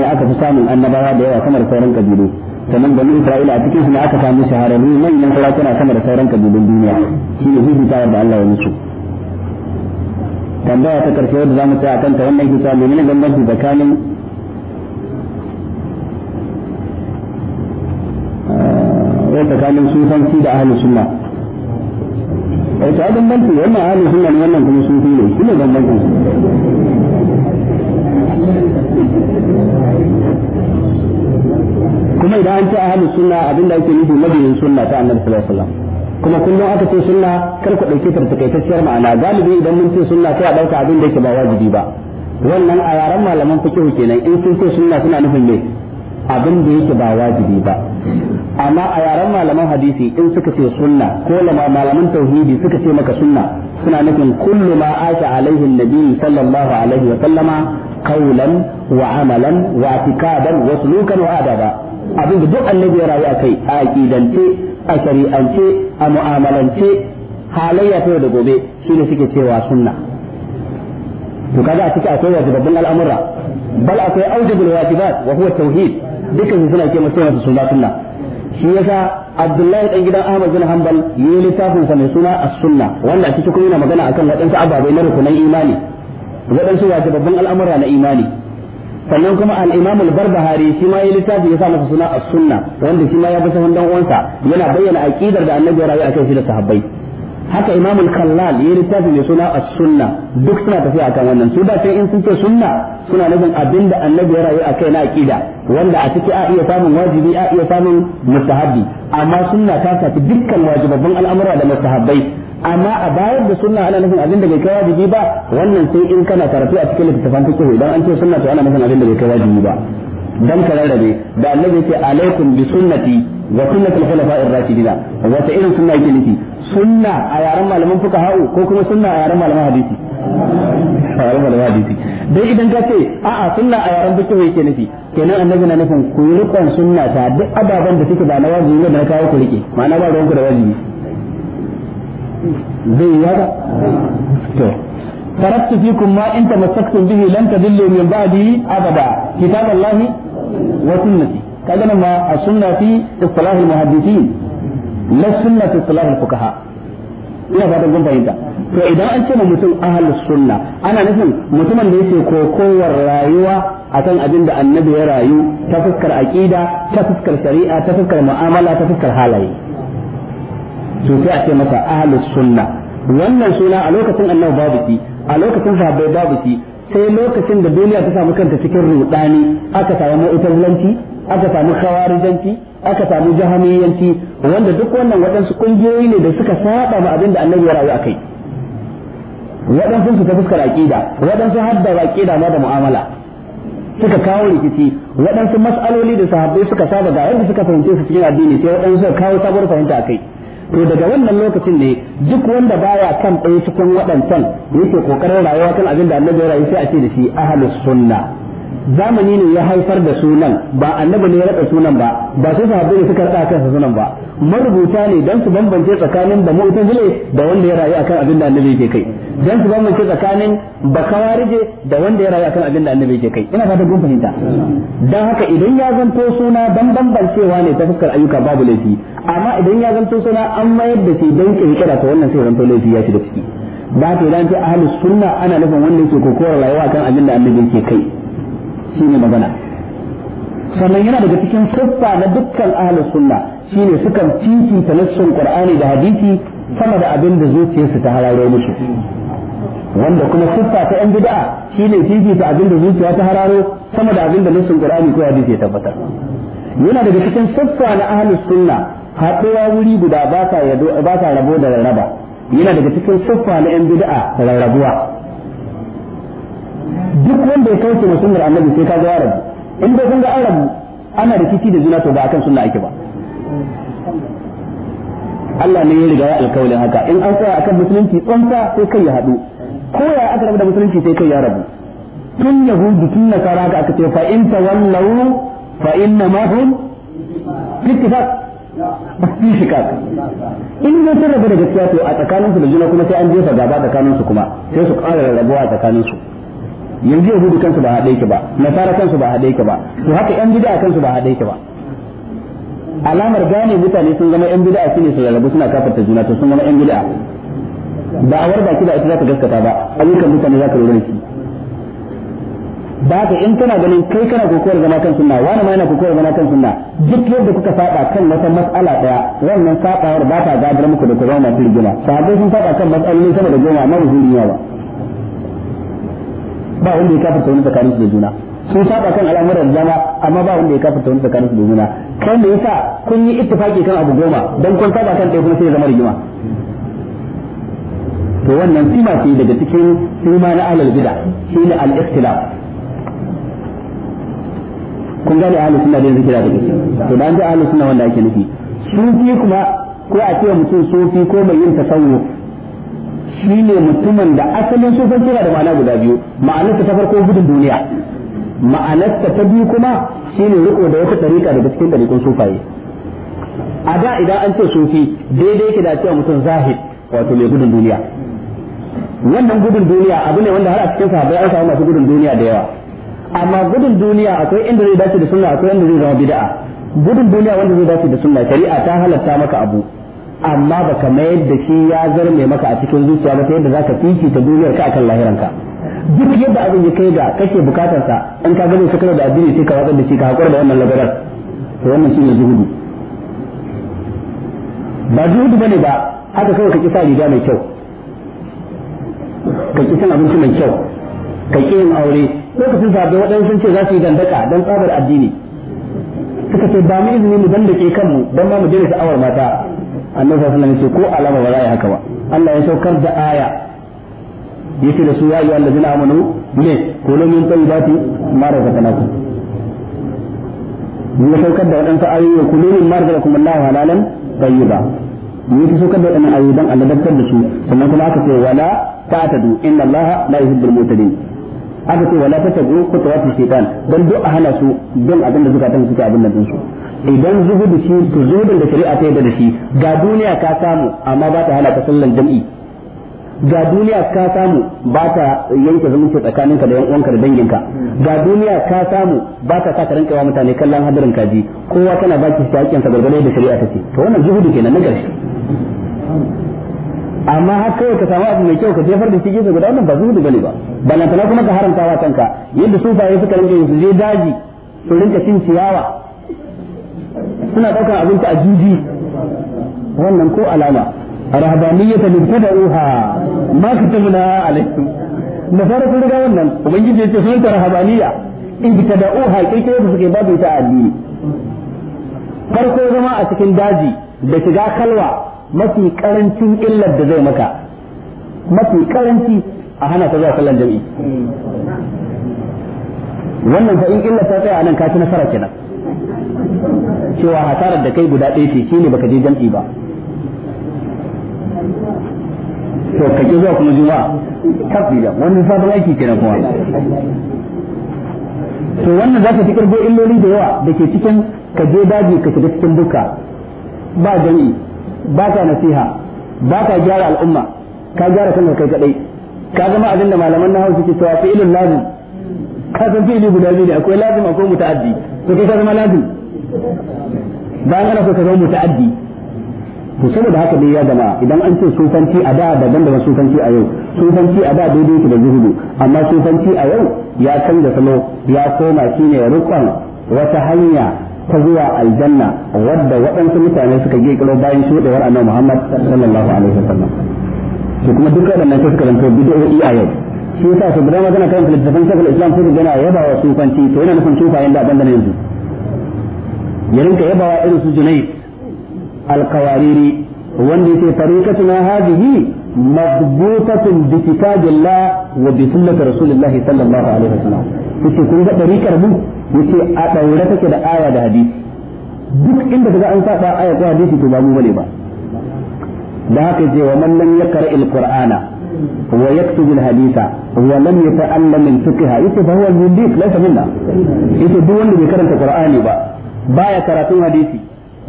aka fi samun النبوة da yawa kamar sauran kabilu. sannan da isra'ila a cikin su ne aka samu shahararru manyan sarakuna sama da sauran kabilun duniya shi ne ta da Allah ya musu tambaya ta karshe wadda za mu tsaya kan ta wannan kisa domin ne bambanci tsakanin eh, wai tsakanin sufanci da ahalin sunna wai eh, ta bambanci wannan ahalin sunna ne wannan kuma sufi ne shi ne bambancin kuma idan an ce ahlus sunna abinda ake nufi mabiyin sunna ta annabi sallallahu alaihi wasallam kuma kullum aka ce sunna kar ku dauke ta takaitacciyar ma'ana galibi idan mun ce sunna sai a dauka abin da yake ba wajibi ba wannan a yaran malaman fiqh kenan in sun ce sunna suna nufin me abin da yake ba wajibi ba amma a yaran malaman hadisi in suka ce sunna ko malaman tauhidi suka ce maka sunna suna nufin kullu ma aka alaihi nabi sallallahu alaihi wa sallama قولا وعملا واعتقادا وسلوكا وادبا abin da duk annabi ya rayu a kai a aqidance a shari'ance a mu'amalance halayya ta da gobe ne suke cewa sunna to kaga a ciki akwai wajibabbin al'amura bal akwai aujibul wajibat wa huwa tauhid dukkan suna ce suna sunna sunna sunna shi yasa Abdullahi dan gidan Ahmad bin Hanbal yi littafin sa mai suna As-Sunna wanda a cikin kuma yana magana akan waɗansu ababai na rukunan imani waɗansu wace babban al'amura na imani sannan kuma al-imam al-barbahari shi ma littafi ya sa masa suna as-sunna wanda shi ma ya fi sahun dan uwansa yana bayyana aqidar da annabi ya rayu akan shi da sahabbai haka imam al-kallal ya littafi mai suna as-sunna duk suna tafiya akan wannan su da in sun ce sunna suna nufin abinda annabi ya akai na aqida wanda a ciki a iya samun wajibi a iya samun mustahabi amma sunna ta tafi dukkan wajibabban al'amura da mustahabbai amma a bayar da sunna ana nufin abin da bai kai wajibi ba wannan sai in kana karatu a cikin littattafan fiqh idan an ce sunna to ana nufin abin da bai kai wajibi ba dan kararrabe da annabi ce alaikum bi sunnati wa sunnati al-khulafa'ir rashidin wa ta irin sunna yake nufi sunna a yaran malaman fuqaha ko kuma sunna a yaran malaman hadisi a yaran malaman hadisi dai idan ka ce a'a sunna a yaran fiqh yake nufi kenan annabi na nufin ku rikon sunna ta duk ababan da suke ba na wajibi ne da kawo ku rike ma'ana ba ku da wajibi zai yi haka to taraktu fikum ma in tamassaktum bihi lan tadillu min ba'di abada kitaballahi wa sunnati kaga ma a sunna fi istilah al-muhaddithin la sunna fi istilah al-fuqaha ina fatan kun fahimta to idan an ce mutum ahlus sunna ana nufin mutumin da yake kokowar rayuwa akan abin da annabi ya rayu ta fuskar aqida ta fuskar shari'a ta fuskar mu'amala ta fuskar halaye to sai a ce masa ahlus sunna wannan suna a lokacin annabi babu shi a lokacin sahabbai babu shi sai lokacin da duniya ta samu kanta cikin rudani aka samu ma'utalanci aka samu khawarijanci aka samu jahamiyanci wanda duk wannan waɗansu kungiyoyi ne da suka saba ma abin da annabi ya rayu akai waɗansu su ta fuskar aqida waɗansu har da aqida ma da mu'amala suka kawo rikici waɗansu mas'aloli da sahabbai suka saba ga yadda suka fahimce su cikin addini sai waɗansu suka kawo sabuwar fahimta akai to daga wannan lokacin ne duk wanda baya kan ɗaya cikin waɗancan yake kokarin rayuwa kan abin da annabi ya rayu sai a ce da shi ahlus sunna zamani ne ya haifar da sunan ba annabi ne ya rada sunan ba ba su sahabbai ne suka rada kansa sunan ba marubuta ne dan su bambance tsakanin da mu'tazile da wanda ya rayu akan abin da annabi yake kai dan su bambance tsakanin bakawarije da wanda ya rayu akan abin da annabi yake kai ina fatan kun fahimta dan haka idan ya zanto suna dan bambancewa ne ta fuskar ayyuka babu laifi amma idan ya zanto suna an mayar da shi dan kirkira to wannan sai zanto laifi ya shiga ciki ba ta idan ta ahlus sunna ana nufin wanda yake kokowar rayuwa kan abin da annabi yake kai shine magana sannan yana daga cikin siffa na dukkan ahlus sunna shine sukan ta nassun qur'ani da hadisi sama da abin da zuciyarsu ta hararo musu wanda kuma siffa ta yan bid'a shine ta abin da zuciya ta hararo sama da abin da nassun qur'ani ko hadisi ya tabbatar yana daga cikin siffa na ahlus sunna haɗuwa wuri guda ba ta rabo da rarraba yana daga cikin siffa na yan bid'a rarrabuwa duk wanda ya kauce wa sunnar annabi sai ka ga ya rabu in bai ga an rabu ana rikici da juna to ba akan sunna ake ba Allah ne ya riga ya alkawalin haka in an tsaya akan musulunci tsantsa sai kai ya haɗu ko ya aka rabu da musulunci sai kai ya rabu tun yahudu tun nasara ka aka ce fa in tawallu fa inna ma hum ittifaq fi in ne sun rabu da gaskiya to a tsakaninsu da juna kuma sai an jefa gaba tsakaninsu kuma sai su ƙara rabuwa a tsakaninsu yanzu yahudu kansu ba haɗe ki ba nasara kansu ba haɗe ki ba to haka yan bid'a kansu ba haɗe ki ba alamar gane mutane sun zama yan bid'a shine su rarrabu suna kafarta juna to sun zama yan bid'a da'awar baki ba ita za ta gaskata ba ayyukan mutane za ka lura da in kana ganin kai kana kokowar zama kan sunna wani ma yana kokowar zama kan sunna duk yadda kuka saba kan wata mas'ala daya wannan sabawar ba ta gadar muku da ku zama masu rigima sahabbai sun saba kan mas'alolin sama da goma na ruhuriya ba ba wanda ya kafirta wani tsakaninsu da juna sun saba kan al'amuran zama amma ba wanda ya kafirta wani tsakaninsu da juna kan me yasa kun yi ittifaki kan abu goma don kun saba kan ɗaya kuma sai ya zama rigima to wannan sima ce daga cikin sima na ahlul bid'a ne al-ikhtilaf kun gane ahlus sunna da zikira da gaske to dan ji ahlus sunna wanda ake nufi sufi kuma ko a ce mutum sufi ko mai yin tasawuf shine mutumin da asalin sufan kira da ma'ana guda biyu ma'anarsa ta farko gudun duniya ma'anarsa ta biyu kuma shine riko da wata tarika daga cikin tarikun sufaye a da idan an ce sufi daidai yake da cewa mutum zahid wato mai gudun duniya wannan gudun duniya abu ne wanda har a cikin sahabbai an samu masu gudun duniya da yawa amma gudun duniya akwai inda zai dace da sunna akwai inda zai zama bid'a gudun duniya wanda zai dace da sunna shari'a ta halatta maka abu amma baka mayar da shi ya zarme maka a cikin zuciya ba ta yadda zaka fifita duniyar ka akan lahiranka duk yadda abin ya kai da kake bukatar sa in ka gani sakar da addini sai ka watsar da shi ka hakura da wannan lagarar to wannan ne zuhudu ba zuhudu bane ba haka kawai ka kisa riga mai kyau ka kisan abinci mai kyau ka yin aure lokacin zabe waɗansu sun ce za su yi dandaka don tsabar addini suka ce ba mu izini mu dandake kanmu don ma mu daina sha'awar mata annabi sallallahu alaihi wasallam ko alama ba za haka ba Allah ya saukar da aya yake da su ya ayyuhal ladina amanu ne kullu min mara ma razaqnakum mun saukar da wadansu ayoyi kullu min ma razaqakum Allah halalan tayyiba mun ta saukar da wadannan ayoyi dan Allah dakkar da su sannan kuma aka ce wala ta'tadu inna Allah la yuhibbul mu'tadin aka ce wala tatabu khutuwati shaytan dan duk a hana su don abin da suka tan suka abin da su idan da shi to zuhudun da shari'a ta yi da shi ga duniya ka samu amma ba ta halata sallan jam'i ga duniya ka samu ba ta yanke zumunci tsakaninka da yan'uwanka da danginka ga duniya ka samu ba ta sa ka rinka wa mutane kallon hadarin kaji kowa kana ba ki shakin sa da shari'a ce to wannan zuhudu kenan na karshe amma har kawai ka samu abu mai kyau ka jefar da shi gefe guda wannan ba zuhudu bane ba balantana kuma ka haramta wa kanka yadda sufaye suka rinka yin su je daji su rinka cin ciyawa suna ɗaukar abinci a juji wannan ko alama da mubtada'uha ma a alaikum da fara sun riga wannan ubangiji ya ce sun ta rahabaniya ibtada'uha kirkiro da suke babu ita addini farko zama a cikin daji da shiga kalwa mafi karancin illar da zai maka mafi karanci a hana ka zuwa sallan jami'i wannan fa in illa ta tsaya nan ka ci nasara kenan cewa hasarar da kai guda ɗaya ce shi ne baka je jam'i ba to ka ki zuwa kuma juma'a kafila wannan sabon aiki kenan kuma to wannan za ka fi karbo illoli da yawa da ke cikin ka je daji ka shiga cikin duka ba jami'i ba ka nasiha ba ka gyara al'umma ka gyara kanka kai kaɗai ka zama abin da malaman na hausa ke cewa fi'ilun lazim ka san fi'ili guda biyu ne akwai lazim akwai muta'addi to kai ka zama lazim bayan ana so ka zama muta'addi to saboda haka dai ya gama idan an ce sufanci a da daban da sufanci a yau sufanci a da daidai ki da zuhudu amma sufanci a yau ya canza salo ya koma shine rukun wata hanya ta zuwa aljanna wadda waɗansu mutane suka kiro bayan shuɗewar annabi Muhammad sallallahu alaihi wasallam to kuma duk waɗannan sai suka bidiyo bid'o'i a yau shi yasa su da magana kan littafin shakul islam sai da yana yaba wa sufanci to yana nufin sufayen da abin ne yanzu ya rinka yabawa irin su junayd al-qawariri wanda yake tariqatuna hadhihi madbutatun bi kitabillah wa bi sunnati rasulillah sallallahu alaihi wasallam yace kun ga tariqar mu yace a daure take da aya da hadisi duk inda kaga an saba aya ko hadisi to ba mu bane ba da haka je wa man lam yaqra al-qur'ana wa yaktub al-hadith duk wanda bai karanta qur'ani ba baya karatun hadisi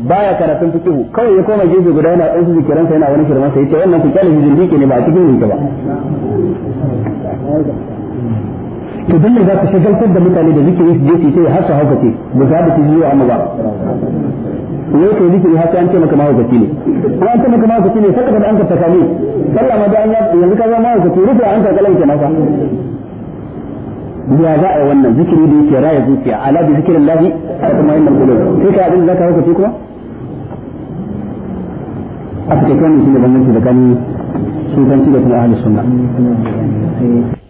baya karatun fiqh kawai ya koma gefe guda yana ɗan zikiran sa yana wani shirman sa yace wannan ku kyale zindiki ne ba a cikin ne ba to dole za ka shagaltar da mutane da zikiri su je su yi har su haukace ba za da su yi amma ba yau kai zikiri har sai an ce maka mahaukaci ne ko an ce maka mahaukaci ne saka da an ka takami sallama da an yanzu ka zama mahaukaci rufe an ka kalan ke maka ya za a wannan zikiri da yake raya zuciya ala bi zikirin a kuma yin mulkulun sai ka abin da zaka hukaci kuma a cikin kwanin shi da bambanci da kan shi kan shi da kuma sunna